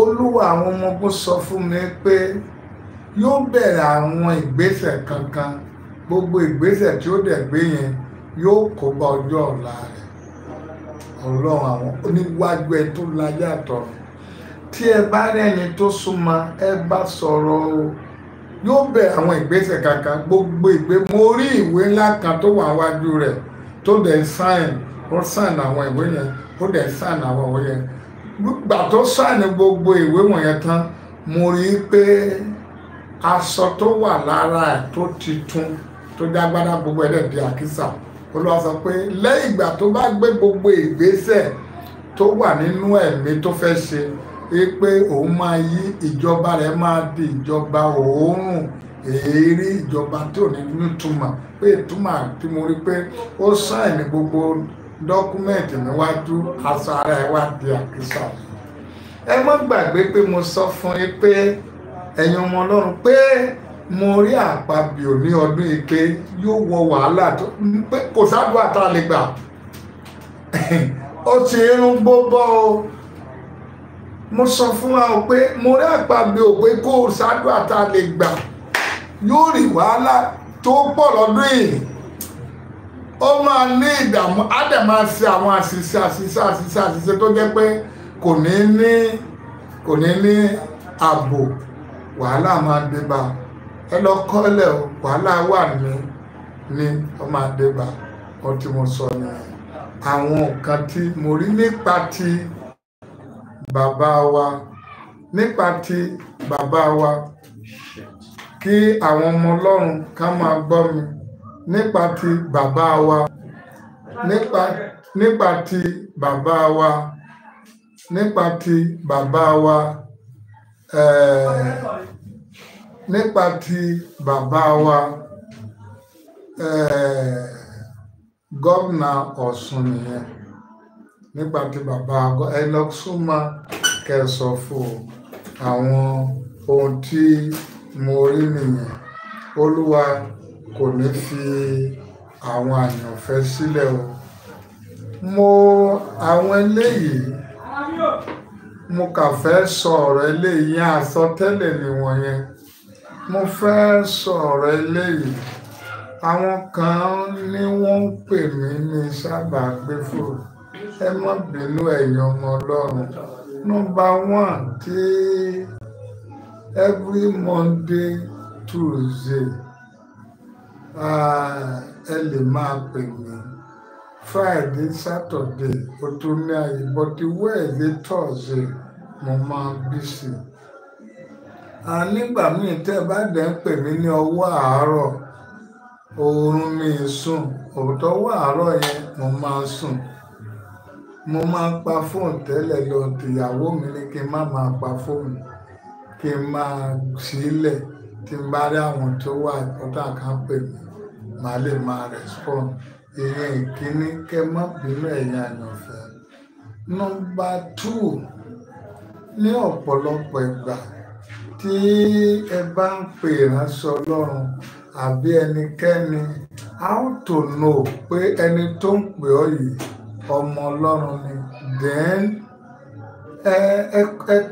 olúwa àwọn ọmọ ogun sọ fún mi pé yóò bẹ̀rẹ̀ àwọn ìgbésẹ̀ kankan gbogbo ìgbésẹ̀ tí ó dẹ̀ gbé yẹn yóò kó bá ọjọ́ ọ̀la rẹ̀ ọlọ́run àwọn oníwájú ẹ tó láyàtọ̀ tí ẹ bá rí tó súnmọ́ ẹ bá sọ̀rọ̀ o yóò bẹ àwọn ìgbésẹ̀ kankan gbogbo ìgbé mo rí ìwé ńlá kan tó wà wájú rẹ̀ tó dẹ̀ sáìn ó sáìn àwọn ìwé yẹn ó dẹ̀ sáìn àwọn ìwé yẹn gbà tó sáìn gbogbo ìwé wọ̀nyẹn tán mo rí i pé aṣọ tó wà lára ẹ̀ tó ti tún tó dágbádá gbogbo ẹ̀ dẹ̀ di àkísà olúwa sọ pé lẹ́yìn ìgbà tó bá gbé gbogbo ìgbésẹ̀ tó wà nínú ẹ̀mí tó fẹ́ ṣe pé òun máa yí ìjọba rẹ máa di ìjọba òórùn èérí ìjọba tí ò ní nítumọ̀ pé ìtumọ̀ tí mo rí pé ó gbogbo dọ́kúmẹ̀ntì níwájú aṣọ ara di àkísà ẹ mọ́ gbàgbé mo sọ fún yín pé ẹ̀yin ọmọ ọlọ́run mo rí àpabìò ní ọdún ike yóò wọ wàhálà tó pé kò sáàdúrà tá a lè gbà ti gbó o. mo sọ fún wa o pé mo rí àpagbè o pé kó o ṣáájú àta lè gbà yóò rí wàhálà tó pọ̀ lọ́dún yìí ó máa ní ìdààmú á dẹ̀ máa ṣe àwọn àṣìṣe àṣìṣe àṣìṣe àṣìṣe tó jẹ́ pé kò ní ní kò ní ní ààbò wàhálà máa dé bá ẹ lọ kọ́lẹ̀ o wàhálà wà ní ní ó máa dé bá ohun mo sọ nìyẹn àwọn nǹkan tí mo rí nípa ti bàbá wa nípa ti bàbá wa kí àwọn ọmọ ọlọ́run ká máa gbọ́ mi nípa ti bàbá wa nípa nípa ti bàbá wa nípa ti bàbá wa eh, nípa ti bàbá wa eh, gómìnà Ọ̀ṣun nìyẹn nípa ti bàbá ẹ lọ súnmọ́ kẹ sọ fún àwọn ohun tí mo rí nìyẹn olúwa kò ní fi àwọn àyànfẹ́ sílẹ̀ o mo àwọn eléyìí mo kà fẹ́ sọ ọ̀rọ̀ eléyìí àsọtẹ́lẹ̀ nìwọ̀n yẹn mo fẹ́ sọ ọ̀rọ̀ eléyìí àwọn kan ní wọ́n ń pè mí ní sábà gbé fòrò ẹ má bínú ẹ̀yin ọmọ ọlọ́run nọ́mbà one tí every Monday Tuesday ẹ lè máa pè mí Friday Saturday ó tún ní ààyè but Wednesday Thursday mo máa bísí nígbà míì tẹ́ bá dẹ̀ ń pè mí ní ọwọ́ àárọ̀ oorun mi sùn òótọ́ ọwọ́ àárọ̀ yẹn mo máa sùn mo máa ń pa fóònù tẹ́lẹ̀ lọ tìyàwó mi ni kí n má máa pa fóònù kí n máa sílẹ̀ tí n bá rí àwọn tó wà ọ̀tá kan pè mí màá lè máa respond ìyẹn ìkíní kẹ má bínú ẹ̀yìn àyànfẹ́. nọ́mbà two ní ọ̀pọ̀lọpọ̀ ìgbà tí ẹ bá ń pè ìránṣẹ́ ọlọ́run àbí ẹnikẹ́ni how to know pé ẹni tó ń pè ọ́ yìí ọmọ ọlọ́run ni then ẹ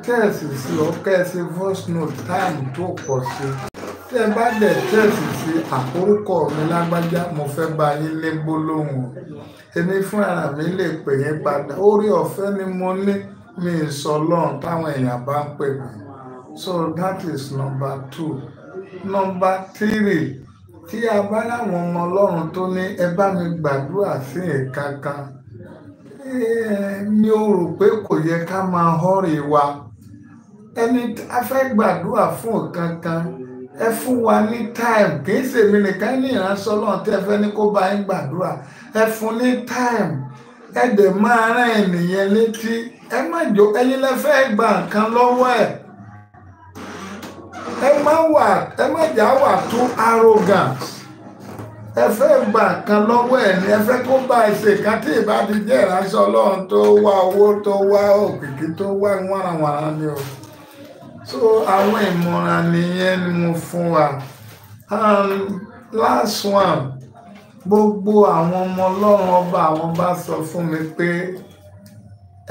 tẹ́ẹ̀sì sí ọ kẹ́ẹ̀sì voice note time tó pọ̀ sí tẹ́ ẹ bá dẹ̀ tẹ́ẹ̀sì sí àkórúkọ mi lágbájá mo fẹ́ bá yín lé gbólóhùn èmi fúnra mi lè pè yín padà orí ọ̀fẹ́ ni mo ní mi sọ lọ́run táwọn èèyàn bá ń pè mí so that is number two number three tí a bá láwọn ọmọ ọlọ́run tó ní ẹ bá mi gbàdúrà sí ìkankan. E mi ò rò pé kò yẹ ká máa họ́rì wa ẹni a fẹ́ gbàdúrà fún nǹkan kan ẹ fún wa ní time kì í ṣèmi nìkan ní ìránṣọ́ náà tí ẹ fẹ́ ní kó bá yín gbàdúrà ẹ fún ní time ẹ dẹ̀ máa rán ènìyàn létí ẹ má jò ẹ̀yin lẹ fẹ́ gba nǹkan lọ́wọ́ ẹ má wà ẹ má jà wà arrogant. ẹ fẹ́ gbà kan lọ́wọ́ ẹ̀ ni ẹ fẹ́ kó bá ẹ ṣe kan tí ìbá ti jẹ́ ìránṣẹ́ ọlọ́run tó wá owó tó wá òkìkí tó wá wàràwàrà ni o so àwọn ìmọ̀ràn nìyẹn ni mo fún wa last one gbogbo àwọn ọmọ ọlọ́run ọba àwọn bá sọ fún mi pé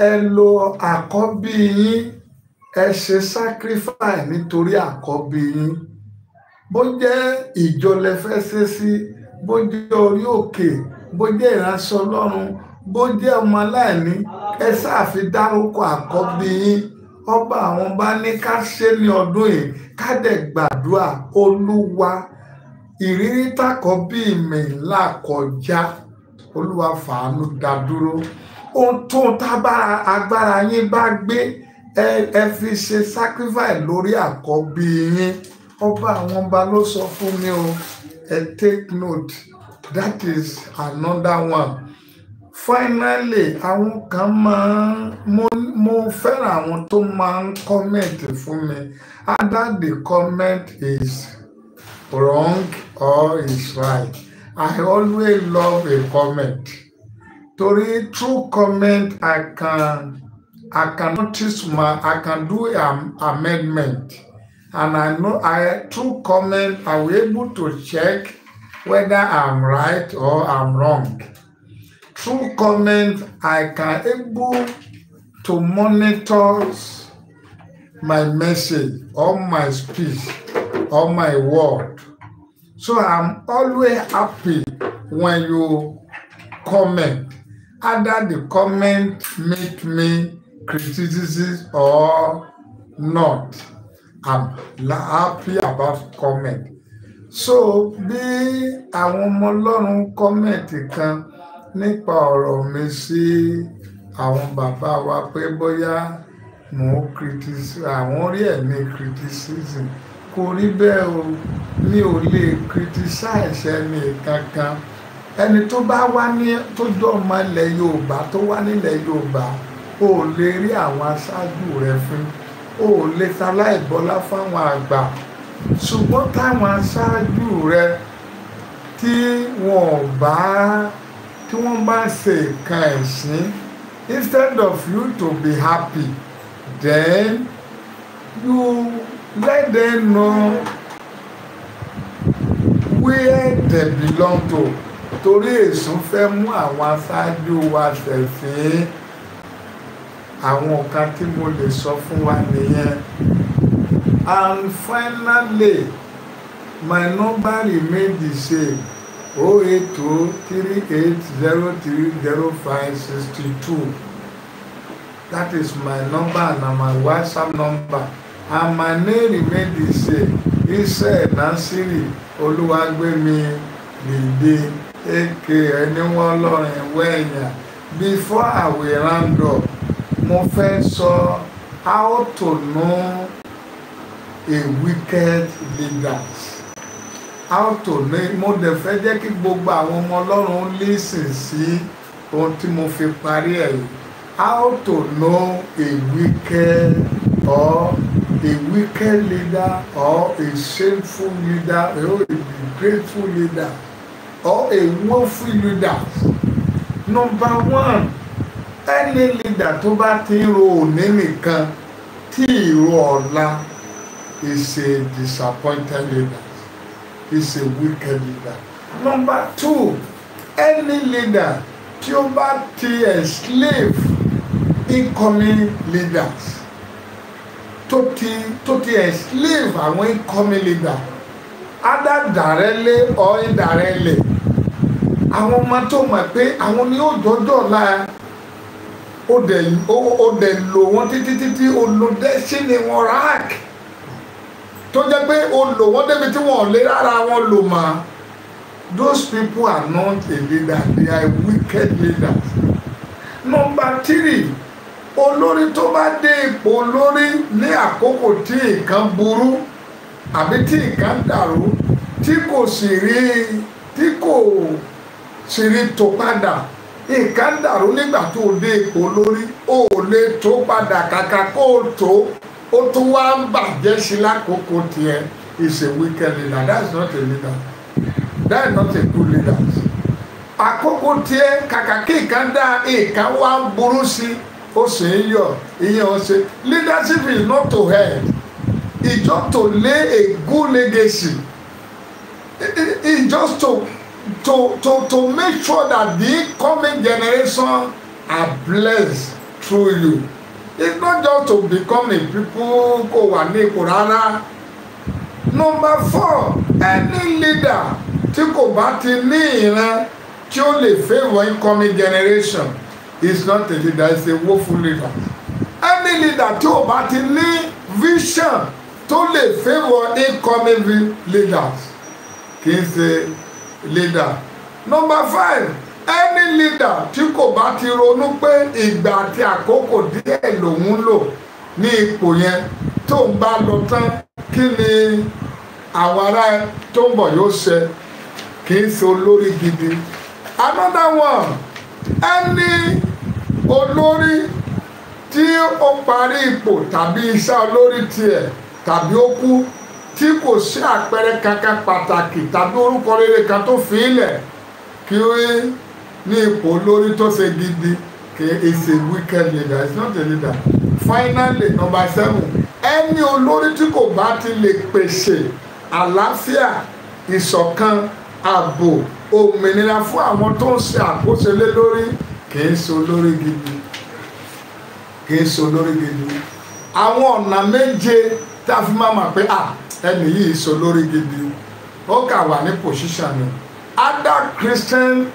ẹ lo àkọ́bí yín ẹ ṣe sacrifice nítorí àkọ́bí yín bó jẹ́ ìjọ lẹ fẹ́ ṣe sí bó jẹ́ orí òkè bó jẹ́ ìránṣẹ́ ọlọ́run bó jẹ́ ọmọ aláìní ẹ sáàfi dárúkọ àkọ́bí yín ọba àwọn bá ní ká ṣe ní ọdún yìí ká dẹ̀ gbàdúrà olúwa ìrírí tàkọ́bí mi là kọjá olúwa fàánú dá dúró ohun tó tábára agbára yín bá gbé ẹ fi ṣe sacrifice lórí àkọ́bí yín ọba àwọn ọba ló sọ fún mi o and take note that is another one finally àwọn kan máa mo mo fẹ́ràn àwọn tó máa ń comment fún mi either the comment is wrong or is right I always love a comment torí true comment I can I can notice my I can do an amendment and I know I through comment I will able to check whether I'm right or I'm wrong. Through comment I can able to monitor my message or my speech or my word. So I'm always happy when you comment. Either the comment make me criticism or not am happy about comment so bí àwọn ọmọ ọlọ́run comment kan nípa ọ̀rọ̀ mi sí àwọn bàbá wa pé bóyá mò ń criticize àwọn orí ẹ̀mí criticism kò rí bẹ́ẹ̀ o mi ò lè criticize ẹni kankan ẹni tó bá wá ní tó jọ ọmọ ilẹ̀ yorùbá tó wá nílẹ̀ yorùbá ò lè rí àwọn aṣáájú rẹ fún un o ò lè ṣaláì bọlá fáwọn àgbà ṣùgbọ́n táwọn aṣáájú rẹ tí wọ́n bá tí wọ́n bá ṣe nǹkan ẹ̀sìn instead of you to be happy then you let them know where they belong to torí èsùn fẹ́ mú àwọn aṣáájú wa ṣẹ̀sìn àwọn kan tí mo lè sọ fún wa nìyẹn and finally my number remain the same O oh eight two oh three eight zero three zero five sixty two that is my number and my whatsapp number and my name remain the same israel nansiri Oluwagbemi dìde Eke ẹni wọn lọrin wẹ̀yà before i will round up mo fẹ́ sọ how to know a wicked leader how to know mo dẹ̀ fẹ́ jẹ́ kí gbogbo àwọn ọmọ ọlọ́run listen sí ohun tí mo fi parí ẹ̀ yìí how to know a wicked or a wicked leader or a shameful leader or a degradeful leader or a woeful leader number one ẹni leader tó bá ti ń ro òní nìkan tí ìró ọ̀la is a disappointed leader is a wicked leader. number two any leader tí ó bá ti enslave incoming leaders tó ti tó ti enslave àwọn incoming leaders either directly or indirectly àwọn ọmọ tó mọ̀ pé àwọn ni ó dọ́dọ̀ la ó dẹ̀ ó dẹ̀ lò wọ́n títí títí ó lo destiny wọn rák tó jẹ́ pé ó lò wọ́n débi tí wọ́n lé wọn lò mọ́ those people are not a leader they are wicked leaders number three olórí tó bá dé ipò olórí ní àkókò tí nǹkan burú àbí tí nǹkan dàrú tí kò sì rí tí kò sì rí tó padà nǹkan dàrú nígbà tó o lé epo lórí o ò lè tó padà kàkà kó o tó o tún wá ń bàjẹ́ sí lákòókò tiẹ̀ is a wicked leader that not a leader That's not a good leader àkókò tiẹ̀ kàkà kí nǹkan dá nǹkan wá ń burú sí i sì ń yọ ìyẹn ó ṣe leadership is not to help it's just to lay a good legacy It it it just to to, to, to make sure that the coming generation are blessed through you. It's not just to become a people kò wà ní ipò rárá. Number four, any leader tí ko bá ti ní ìran tí ó lè favour incoming generation is not a leader, is a woeful leader. Any leader tí ò bá ti ní vision to le favour incoming leaders kì í ṣe leader number five any leader tí kò bá ti ronú pé ìgbà àti àkókò díẹ̀ lòun lò ní ipò yẹn tó ń bá lọ tán kí ni àwọn ará tó ń bọ̀ yóò ṣe kì í ṣe olórí gidi another one Any olórí tí ó parí ipò tàbí iṣẹ́ olórí tiẹ̀ tàbí ó kú tí kò sí àpẹẹrẹ kankan pàtàkì tàbí orúkọ rere kan tó fi ilẹ̀ kí ó ní ipò lórí tó ṣe gidi kì í ṣe wicked leader it's not a leader finally number seven ẹni olórí tí kò bá ti lè pèsè àlàáfíà ìṣọ̀kan ààbò òmìnira fún àwọn tó ń ṣe àkóso lé lórí kì í ṣe olórí gidi kì í ṣe olórí gidi àwọn ọ̀nà méje tá a fi máa mọ̀ pé à ẹni yìí sọ lórí gidi ó kà wà ní position ni other Christian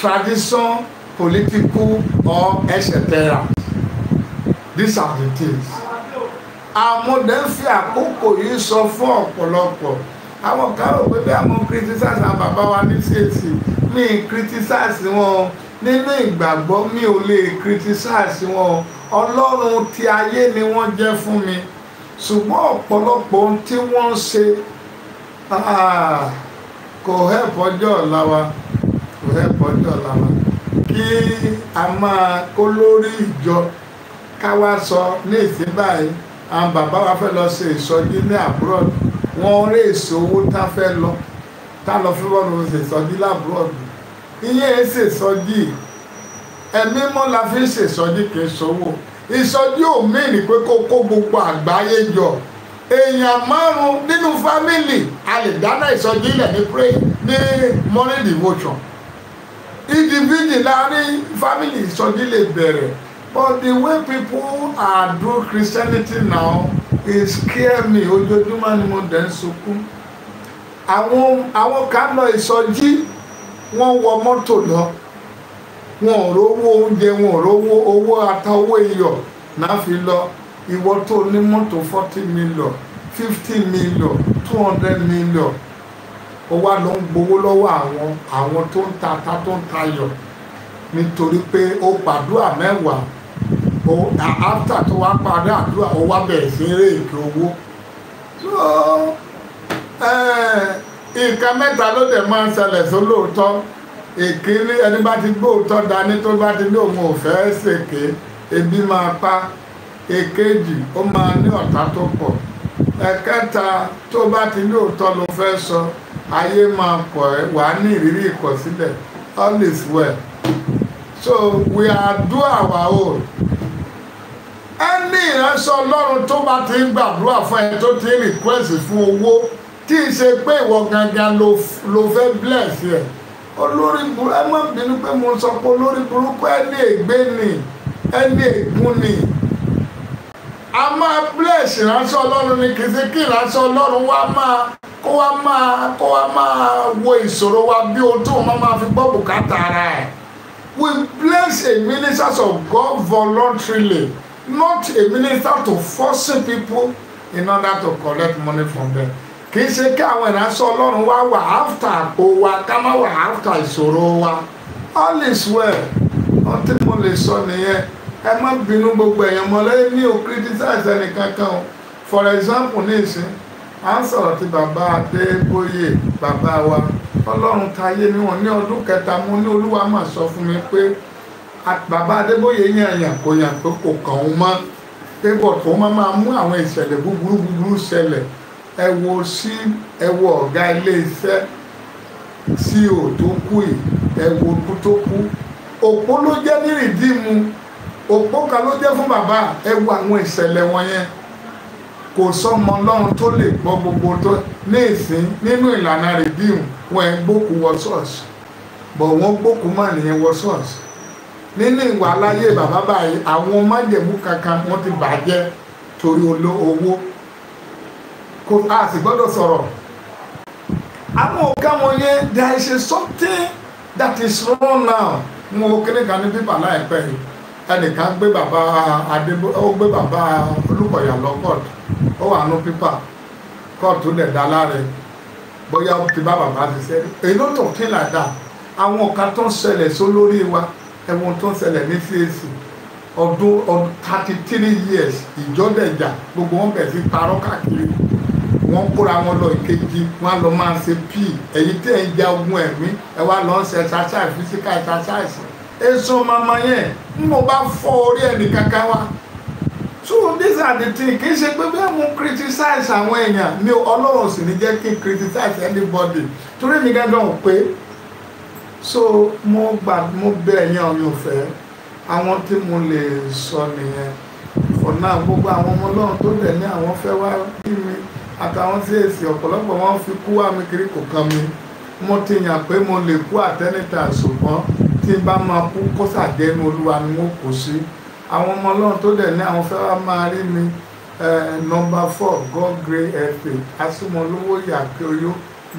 tradition political or etc these are the things àmúdẹ́ fi àkókò yìí sọ fún ọ̀pọ̀lọpọ̀ àwọn kan rò pé bí àwọn criticize àwọn bàbá wa ní CAC mi criticize wọn nínú ìgbàgbọ́ mi ò lè criticize wọn ọlọ́run ti ayé ni wọ́n jẹ́ fún mi ṣùgbọ́n ọ̀pọ̀lọpọ̀ ohun tí wọ́n ń ṣe ah, kò help ọjọ́ ọ̀la wa kò help ọjọ́ ọ̀la wa kí a máa kó lórí ìjọ ká wá sọ ní ìsín báyìí àwọn bàbá wa fẹ́ lọ ṣe ìsọjí ní abroad wọ́n rí èso owó tá fẹ́ lọ tá lọ fún bọ́ọ̀lù ṣe ìsọjí lábroad iye ṣèsọjí ẹ̀mí mọ́ la fi ṣèsọjí kì í ṣòwò ìsọjí ò mìíní pé kó kó gbogbo àgbáyé jọ èèyàn márùn nínú fámìlì a lè dáná ìsọjí ilẹ̀ ní pray ní morning devotion ìdìbìdì láàrin fámìlì ìsọjí lè bẹ̀rẹ̀ but the way people are do Christianity now is scare me ojoojúmọ́ ni mo dẹ̀ ń sunkún àwọn àwọn kan lọ ìsọjí wọ́n wọ mọ́tò lọ wọn ò rówó oúnjẹ wọn ò rówó owó ata owó iyọ̀ náà fi lọ ìwọ tó ní mọ́tò forty million fifty million two hundred million ó wá ló ń gbowó lọ́wọ́ àwọn àwọn tó ń ta ata tó ń tayọ̀ nítorí pé ó gbàdúrà mẹ́wàá ó after tó wá parí àdúrà ó wá bẹ̀rẹ̀ sí eré èké owó nǹkan mẹ́ta ló dẹ̀ máa ń ṣẹlẹ̀ sólóòótọ́. So, èké ẹni bá ti gbóòótọ́ dání tó bá ti ní òun ò fẹ́ ṣèké ebi máa pa èkejì ó máa ní ọ̀tá tó pọ̀ ẹ̀kẹta tó bá ti ní òótọ́ ló fẹ́ sọ ayé máa pọ̀ ẹ́ wà á ní ìrírí ìkọ̀sílẹ̀ all is well so we are do our own ẹni ìránṣẹ́ ọlọ́run tó bá ti ń gbàdúrà fún ẹ tó ti ń request fún owó tí ì ṣe pé ìwọ gangan ló fẹ́ bless yẹn. Yeah olórí burúkú ẹ má bínú pé mo sọ pé olórí burúkú ẹni ègbé ni ẹni ègún ni a máa bless ìránṣẹ́ ọlọ́run ni kì í ṣe kí ìránṣẹ́ ọlọ́run wá máa kó wá máa kó wá máa wo ìṣòro wa bí ohun tó máa máa fi gbọ́ bùkátà ara ẹ̀ we bless a ministers of God voluntarily not a minister to force people in order to collect money from them kì í ṣe kí àwọn ìránṣẹ́ ọlọ́run wá wà after àpò wa ká má wà after ìṣòro wa all is well wọ́n tí mo lè sọ nìyẹn ẹ má bínú gbogbo èèyàn mọ́lẹ́ ní o criticize ẹnìkankan o for example ní ìsìn à ń sọ̀rọ̀ ti bàbá Adébóyè bàbá wa ọlọ́run tayé níwọ̀n ní ọdún kẹta mo ní olúwa mà sọ fún mi pé bàbá Adébóyè yàn yàn kò yàn pé kò kàn ó mọ́ pé bọ̀ tó má máa mú àwọn ìṣẹ̀lẹ̀ búburú búburú ṣẹlẹ̀ ẹ wo sí ẹ wo ọ̀gá ilé iṣẹ́ tí ò e tó kú yìí ẹ wo kú tó kú òpó ló jẹ́ ní rìdíìmù òpó kan ló jẹ́ fún bàbá ẹ wo àwọn ìṣẹ̀lẹ̀ wọn yẹn kò sọmọ ọlọ́run tó lè gbọ́ gbogbo tó ní ìsín nínú ìlànà rìdíìmù wọn ẹ gbókù wọ ṣọ́ọ̀ṣì bọ̀ wọ́n gbókù mọ̀ nìyẹn wọ ṣọ́ọ̀ṣì nínú ìwà aláyé bàbá báyìí àwọn májẹ̀mú kankan wọ́n ti bàjẹ́ torí owó kò a sì gbọ́dọ̀ sọ̀rọ̀ àwọn òkè àwọn yẹn there is something that is wrong now mo kéde kan ní bíbà láìpẹ́ yìí ẹnìkan gbé bàbá adébó ó gbé bàbá olùkọ̀yà lọ court ó wà nù pípà court dẹ̀ dá láre bóyá ó ti bá bàbá ti sẹ́rí èyí ló tọ̀ kí làdá àwọn kan tó ń ṣẹlẹ̀ sólórí wa ẹ̀wọ̀n tó ń ṣẹlẹ̀ ní CAC ọdún thirty three years ìjọ́dẹ̀jà gbogbo wọn bẹ̀ sí parọ́ káàkiri wọ́n kóra wọn lọ ìkejì wọ́n lọ máa ṣe pí èyí tẹ̀ ń ja ogun ẹ̀mí ẹ wá lọ ń ṣe exercise physical exercise èso mama yẹn ń mo bá fọ́ orí ẹnì kankan wá so these are the things kì í ṣe pé bẹ́ẹ̀ mo criticize àwọn èèyàn mi ọlọ́run sì ní jẹ́ kí n criticize anybody torí mi gángan ò pé so mo gbà mo bẹ ẹ̀yàn mi ò fẹ́ àwọn tí mo lè sọ nìyẹn for gbogbo àwọn ọmọ ọlọ́run tó dẹ̀ ní àwọn fẹ́ wá rí mi àtàwọn tí èsì ọ̀pọ̀lọpọ̀ wọn fi kú wá mi kiri kò kan mi mo ti yàn pé mo lè kú àtẹ́nìta ṣùgbọ́n tí n bá máa kú kó sàjẹnu olúwa ni wọn kò sí àwọn ọmọ ọlọ́run tó dẹ̀ ní àwọn fẹ́ẹ́ wá máa rí mi eh, nọmba four god grey fa asúmọlówó yàkéoyó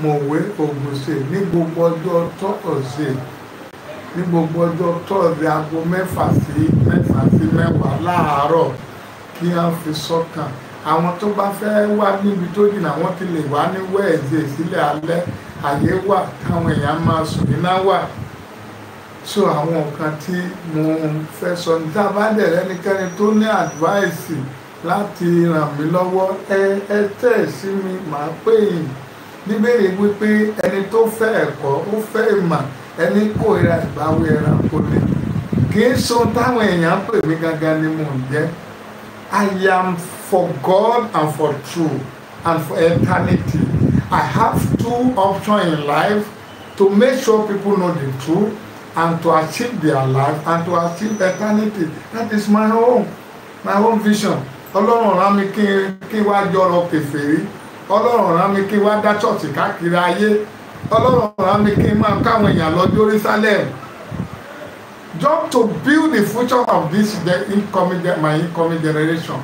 mọ̀wé ògùnṣe ní gbogbo ọjọ́ tọ́ọ̀sẹ̀ ní gbogbo ọjọ́ tọ́ọ̀sẹ̀ aago mẹ́fà sí mẹ́fà sí mẹ́wàá láàárọ̀ kí wọ́n fi sọ́kàn. So àwọn tó bá fẹ́ wà níbi tó jìnnà àwọn ti lè wá ní wẹ́ẹ̀dẹ̀ sílẹ̀ alẹ́ àyè wà táwọn èèyàn máa sùn níná wà so àwọn nǹkan tí mo fẹ́ sọ ní tá a bá dẹ̀ lẹ́nikẹ́ni tó ní àdíváìsì láti ràn mí lọ́wọ́ ẹ ẹ tẹ̀ sí mi màá pè yín níbèrè wípé ẹni tó fẹ́ ẹ̀kọ́ ó fẹ́ ìmọ̀ ẹni kórìíra ìbáwí ẹranko ni kì í so táwọn èèyàn pè mí gangan ni mò ń jẹ́ I am for God and for truth and for eternity. I have two options in life to make sure people know the truth and to achieve their life and to achieve eternity. That is my own, my own vision. Ọlọ́run rán mi kí n wá jọrọ kèfèrí. Ọlọ́run rán mi kí n wá dá ṣọ́ọ̀ṣì káàkiri ayé. Ọlọ́run rán mi kí n máa káwọn èèyàn lọ Jerusalem. Just to build the future of this incoming, my incoming generation.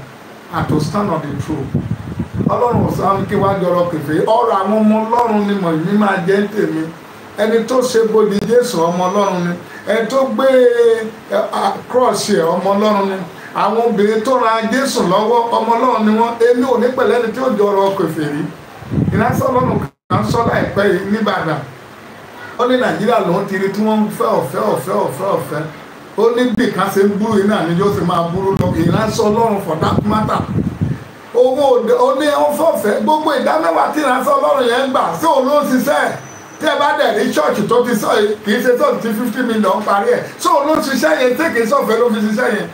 and to stand on the truth ọlọ́run ọ̀sán kí wá jọrọ kẹfẹ́ ọ̀rọ̀ àwọn ọmọ ọlọ́run ni mọ̀ ní máa jẹ́ tèmi ẹni tó ṣe bodi jésù ọmọ ọlọ́run ni ẹni tó gbé kírọ̀ọ̀sì ẹ̀ ọmọ ọlọ́run ni àwọn obìnrin tó ra jésù lọ́wọ́ ọmọ ọlọ́run ni wọ́n èmi ò ní pẹ̀lẹ́ ni tí ó jọrọ kẹfẹ́ rí ìránṣẹ́ ọlọ́run kan sọ láìpẹ́ yìí ní ó ní Nàìjíríà lòún ti rí tí wọ́n ọ̀fẹ́ ọ̀fẹ́ ọ̀fẹ́ ọ̀fẹ́ ó ní bí kan ṣe ń búrú iná ni yóò ṣe máa búrú lọ ìránṣẹ́ ọlọ́run for that matter owó oní ọ̀fọ̀fẹ́ gbogbo ìdámẹ́wàá tí ìránṣẹ́ ọlọ́run yẹn ń gbà sí òun ló ń ṣiṣẹ́ tí ẹ bá dẹ̀ ní ṣọ́ọ̀ṣì tó ti sọ kì í ṣe tó ti fifty million parí ẹ̀ sí òun ló ń ṣiṣẹ́ yẹn tí kì í sọ̀fẹ́ ló fi ṣiṣẹ́ yẹn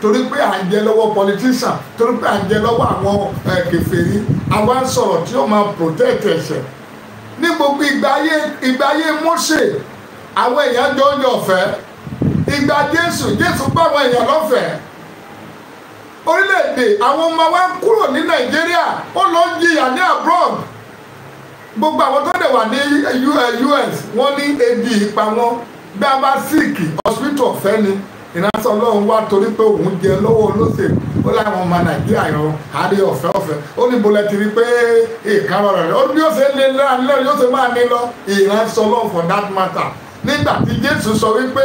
torí pé à ń jẹ lọ́wọ́ politician torí pé à ń jẹ lọ́wọ́ àwọn eh, kèfèrí àwa ń sọ̀rọ̀ tí ó máa protect ẹ̀ṣẹ̀ ní gbogbo ìgbáyé ìgbáyé Mósè àwọn èèyàn jọ ń yọ̀ fẹ́ gba Jésù Jésù pa àwọn èèyàn lọ́fẹ̀ẹ́ orílẹ̀-èdè àwọn ọmọ wa ń kúrò ní Nàìjíríà ó lọ ń jìyà ní abroad gbogbo àwọn tó dẹ̀ wà ní US eh, wọ́n ní ebi ìpa wọn bí a bá sick hospital ọ̀fẹ́ ni ìránṣẹ́ ọlọ́run wá torí pé òun jẹ lọ́wọ́ olóṣèlú ó láwọn ọmọ nàìjíríà yan àárẹ̀ ọ̀fẹ́ ọ̀fẹ́ ó ní ti rí pé eh, rẹ̀ ó ní yóò ṣe lé for that matter nígbà tí jésù sọ wípé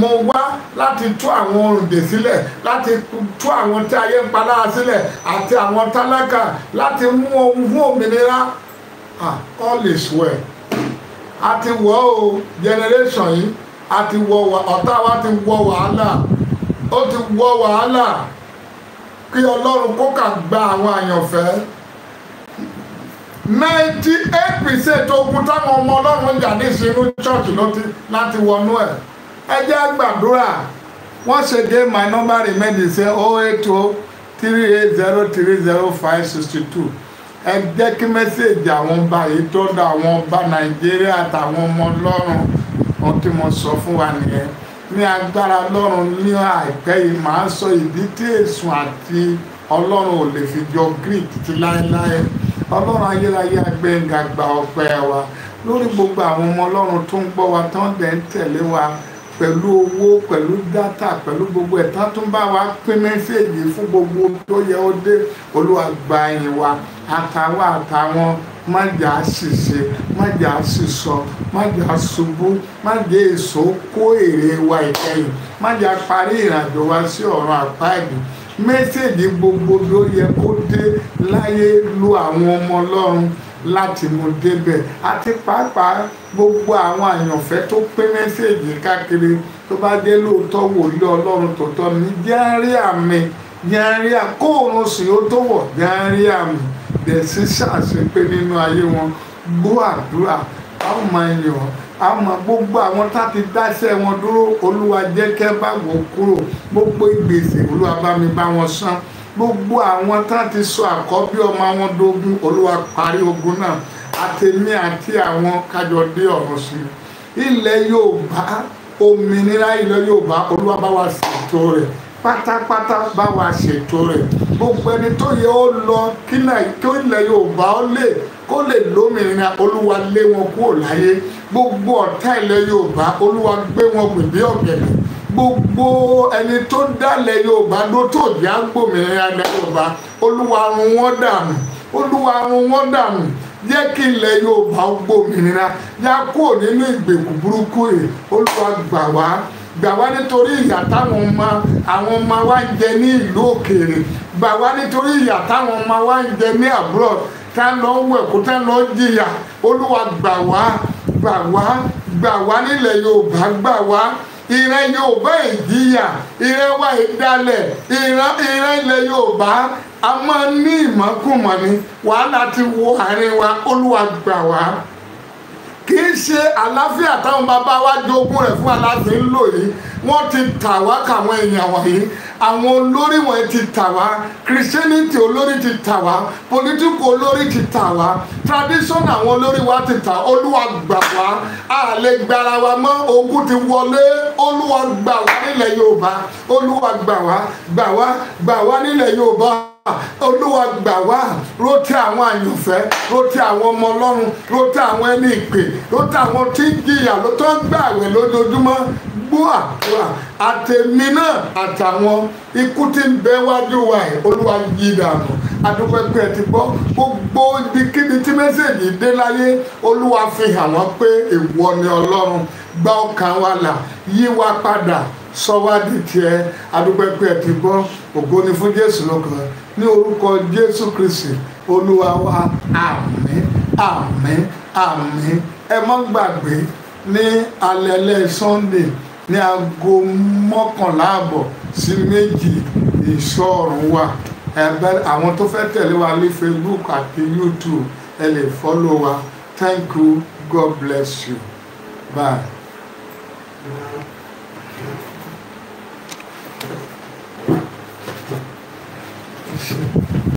mo wá láti tú àwọn òrùndè sílẹ̀ láti tú àwọn tí ayé ń palára sílẹ̀ àti àwọn tálákà láti mú ohun fún òmìnira all is well a ti wọ̀ o generation yìí a ti wọ̀ ọ̀tá wa ti wọ̀ wàhálà ó ti wọ̀ wàhálà kí ọlọ́run kó kà gba àwọn àyànfẹ́ ninety eight percent ogun táwọn ọmọ ọlọ́run jà ní ìsinú chọ́ọ̀chì láti wọnú ẹ̀ ẹ jẹ́ gbàdúrà once again my number remain the same oh eight oh three eight zero three zero five sixty two ẹ jẹ́ kí mẹ́sẹ̀gì àwọn ọba yìí tó da àwọn ọba nàìjíríà àtàwọn ọmọ ọlọ́run wọn tí mo sọ fún wa nìyẹn ní agbára ọlọ́run ní àìpẹ́ yìí màá sọ ìdí tí èsùn àti ọlọ́run ò lè fi jọ greek ti láéláé ọlọ́run ayérayé agbẹ́ngàgbà ọpẹ́ wa lórí gbogbo àwọn ọmọ ọlọ́run tó ń gbọ́ wa tán dẹ̀ ń tẹ̀lé wa pẹ̀lú owó pẹ̀lú dátà pẹ̀lú gbogbo ẹ̀tá tó ń bá wa pín mẹ́sẹ̀gì fún gbogbo tó yẹ ó dé olúwa gba yìn wa àtàwọn àtàwọn má jà á ṣìṣe má jà á má jà á má jà èso kó èrè wa ìkẹyìn má jà parí ìrìnàjò wa sí ọ̀run àpáàdì mẹ́sẹ̀gì gbogbo ló yẹ kó dé láyé lu àwọn ọmọ ọlọ́run láti mú débẹ̀ àti pàápàá gbogbo àwọn àyànfẹ́ tó pé mẹ́sẹ̀gì káàkiri tó bá dé lóòótọ́ wòlíì ọlọ́run tòótọ́ ní jẹ́rí àmì jẹ́rí àkóòrùn sì ó tó wọ̀ jẹ́rí àmì dẹ̀ sí sàṣepé nínú ayé wọn gbọ́ àdúrà táwọn máa ń yàn àmọ́ gbogbo àwọn tá ti dáṣẹ́ wọn dúró olúwa jẹ́ kẹ́ bá wọn kúrò gbogbo ìgbèsè olúwa bá mi bá wọn san gbogbo àwọn tá ti sọ àkọ́bí ọmọ wọn dogun olúwa parí ogun náà àtẹ̀mí àti àwọn kájọ dé ọ̀run sí ilẹ̀ Yorùbá òmìnira ilẹ̀ Yorùbá olúwa bá wa ṣètò rẹ̀ pátápátá bá wa ṣètò rẹ̀ gbogbo ẹni tó yẹ ó lọ kí ilẹ̀ Yorùbá ó lè kó lè lómìnira Olúwa lé wọn kúrò láyé gbogbo ọ̀tá ilẹ̀ Yorùbá Olúwa gbé wọn mì bí ọ̀gẹ̀dẹ̀ gbogbo ẹni tó dálẹ̀ Yorùbá ló tó jẹ́ àgbòmìnira ilẹ̀ Yorùbá Olúwa run wọ́n dànù Olúwa run wọ́n dànù jẹ́ kí ilẹ̀ Yorùbá gbòmìnira yá kúrò nínú ìgbèkùn burúkú yìí Olúwa gbà wá gbà wá nítorí ìyà táwọn ọmọ àwọn ọmọ wa ń jẹ ní ìlú òkèèrè gbà wá nítorí ìyà táwọn ọmọ wa ń jẹ ní abroad tá lọ wẹ̀kú tá lọ jìyà olúwa gbà wá gbà wá gbà wá nílẹ̀ yorùbá gbà wá ìran yorùbá ìjìyà ìran wa ìdálẹ̀ ìran ìran ilẹ̀ yorùbá a máa ní ìmọ̀kùmọ̀ ni wàhálà ti wọ àárín wa olúwa gbà kì í ṣe àlàáfíà táwọn bàbá wa jogún rẹ̀ fún aláàfin ń lò yìí wọ́n ti tà wá káwọn èèyàn wọ̀nyí àwọn olórí wọ̀nyí ti tà wá christianity olórí ti tà wá political olórí ti tà wá tradition àwọn olórí wa ti tà olúwa gbà wá àlè gbára wa mọ́ ogun ti wọlé olúwa gbà wá nílẹ̀ yorùbá olúwa gbà wá gbà wá gbà wá nílẹ̀ yorùbá olúwa gbà wá rótí àwọn àyànfẹ́ rótí àwọn ọmọ ọlọ́run rótí àwọn ẹni ìpè rótí àwọn tí ń jìyà ló tó ń gbààwẹ̀ lójoojúmọ́ gbọ́ àdúrà àtẹ̀mí náà àtàwọn ikú tí ń bẹ wájú wa ẹ̀ olúwa yí dànù adúpẹ́pẹ́ ti gbọ́ gbogbo ibikíbi tí mẹ́sẹ̀gì dé láyé olúwa fi hàn wọ́n pé ìwọ ni ọlọ́run gba ọkàn wa là yí wa padà sọ wá di tiẹ̀ adúpẹ́pẹ́ ti gbọ́ ògo ni fún jésù lókàn ní orúkọ jésù kristi olúwa wa àmín àmín àmín ẹ má gbàgbé ní alẹ́lẹ́ sunday ní aago mọ́kànlá àbọ̀ sí méjì ìṣọ́ọ̀rùn wa ẹ̀bẹ̀ àwọn tó fẹ́ tẹ̀lé wa ní facebook àti youtube ẹ lè fọ́lọ́ wa thank you god bless you bye. Thank you.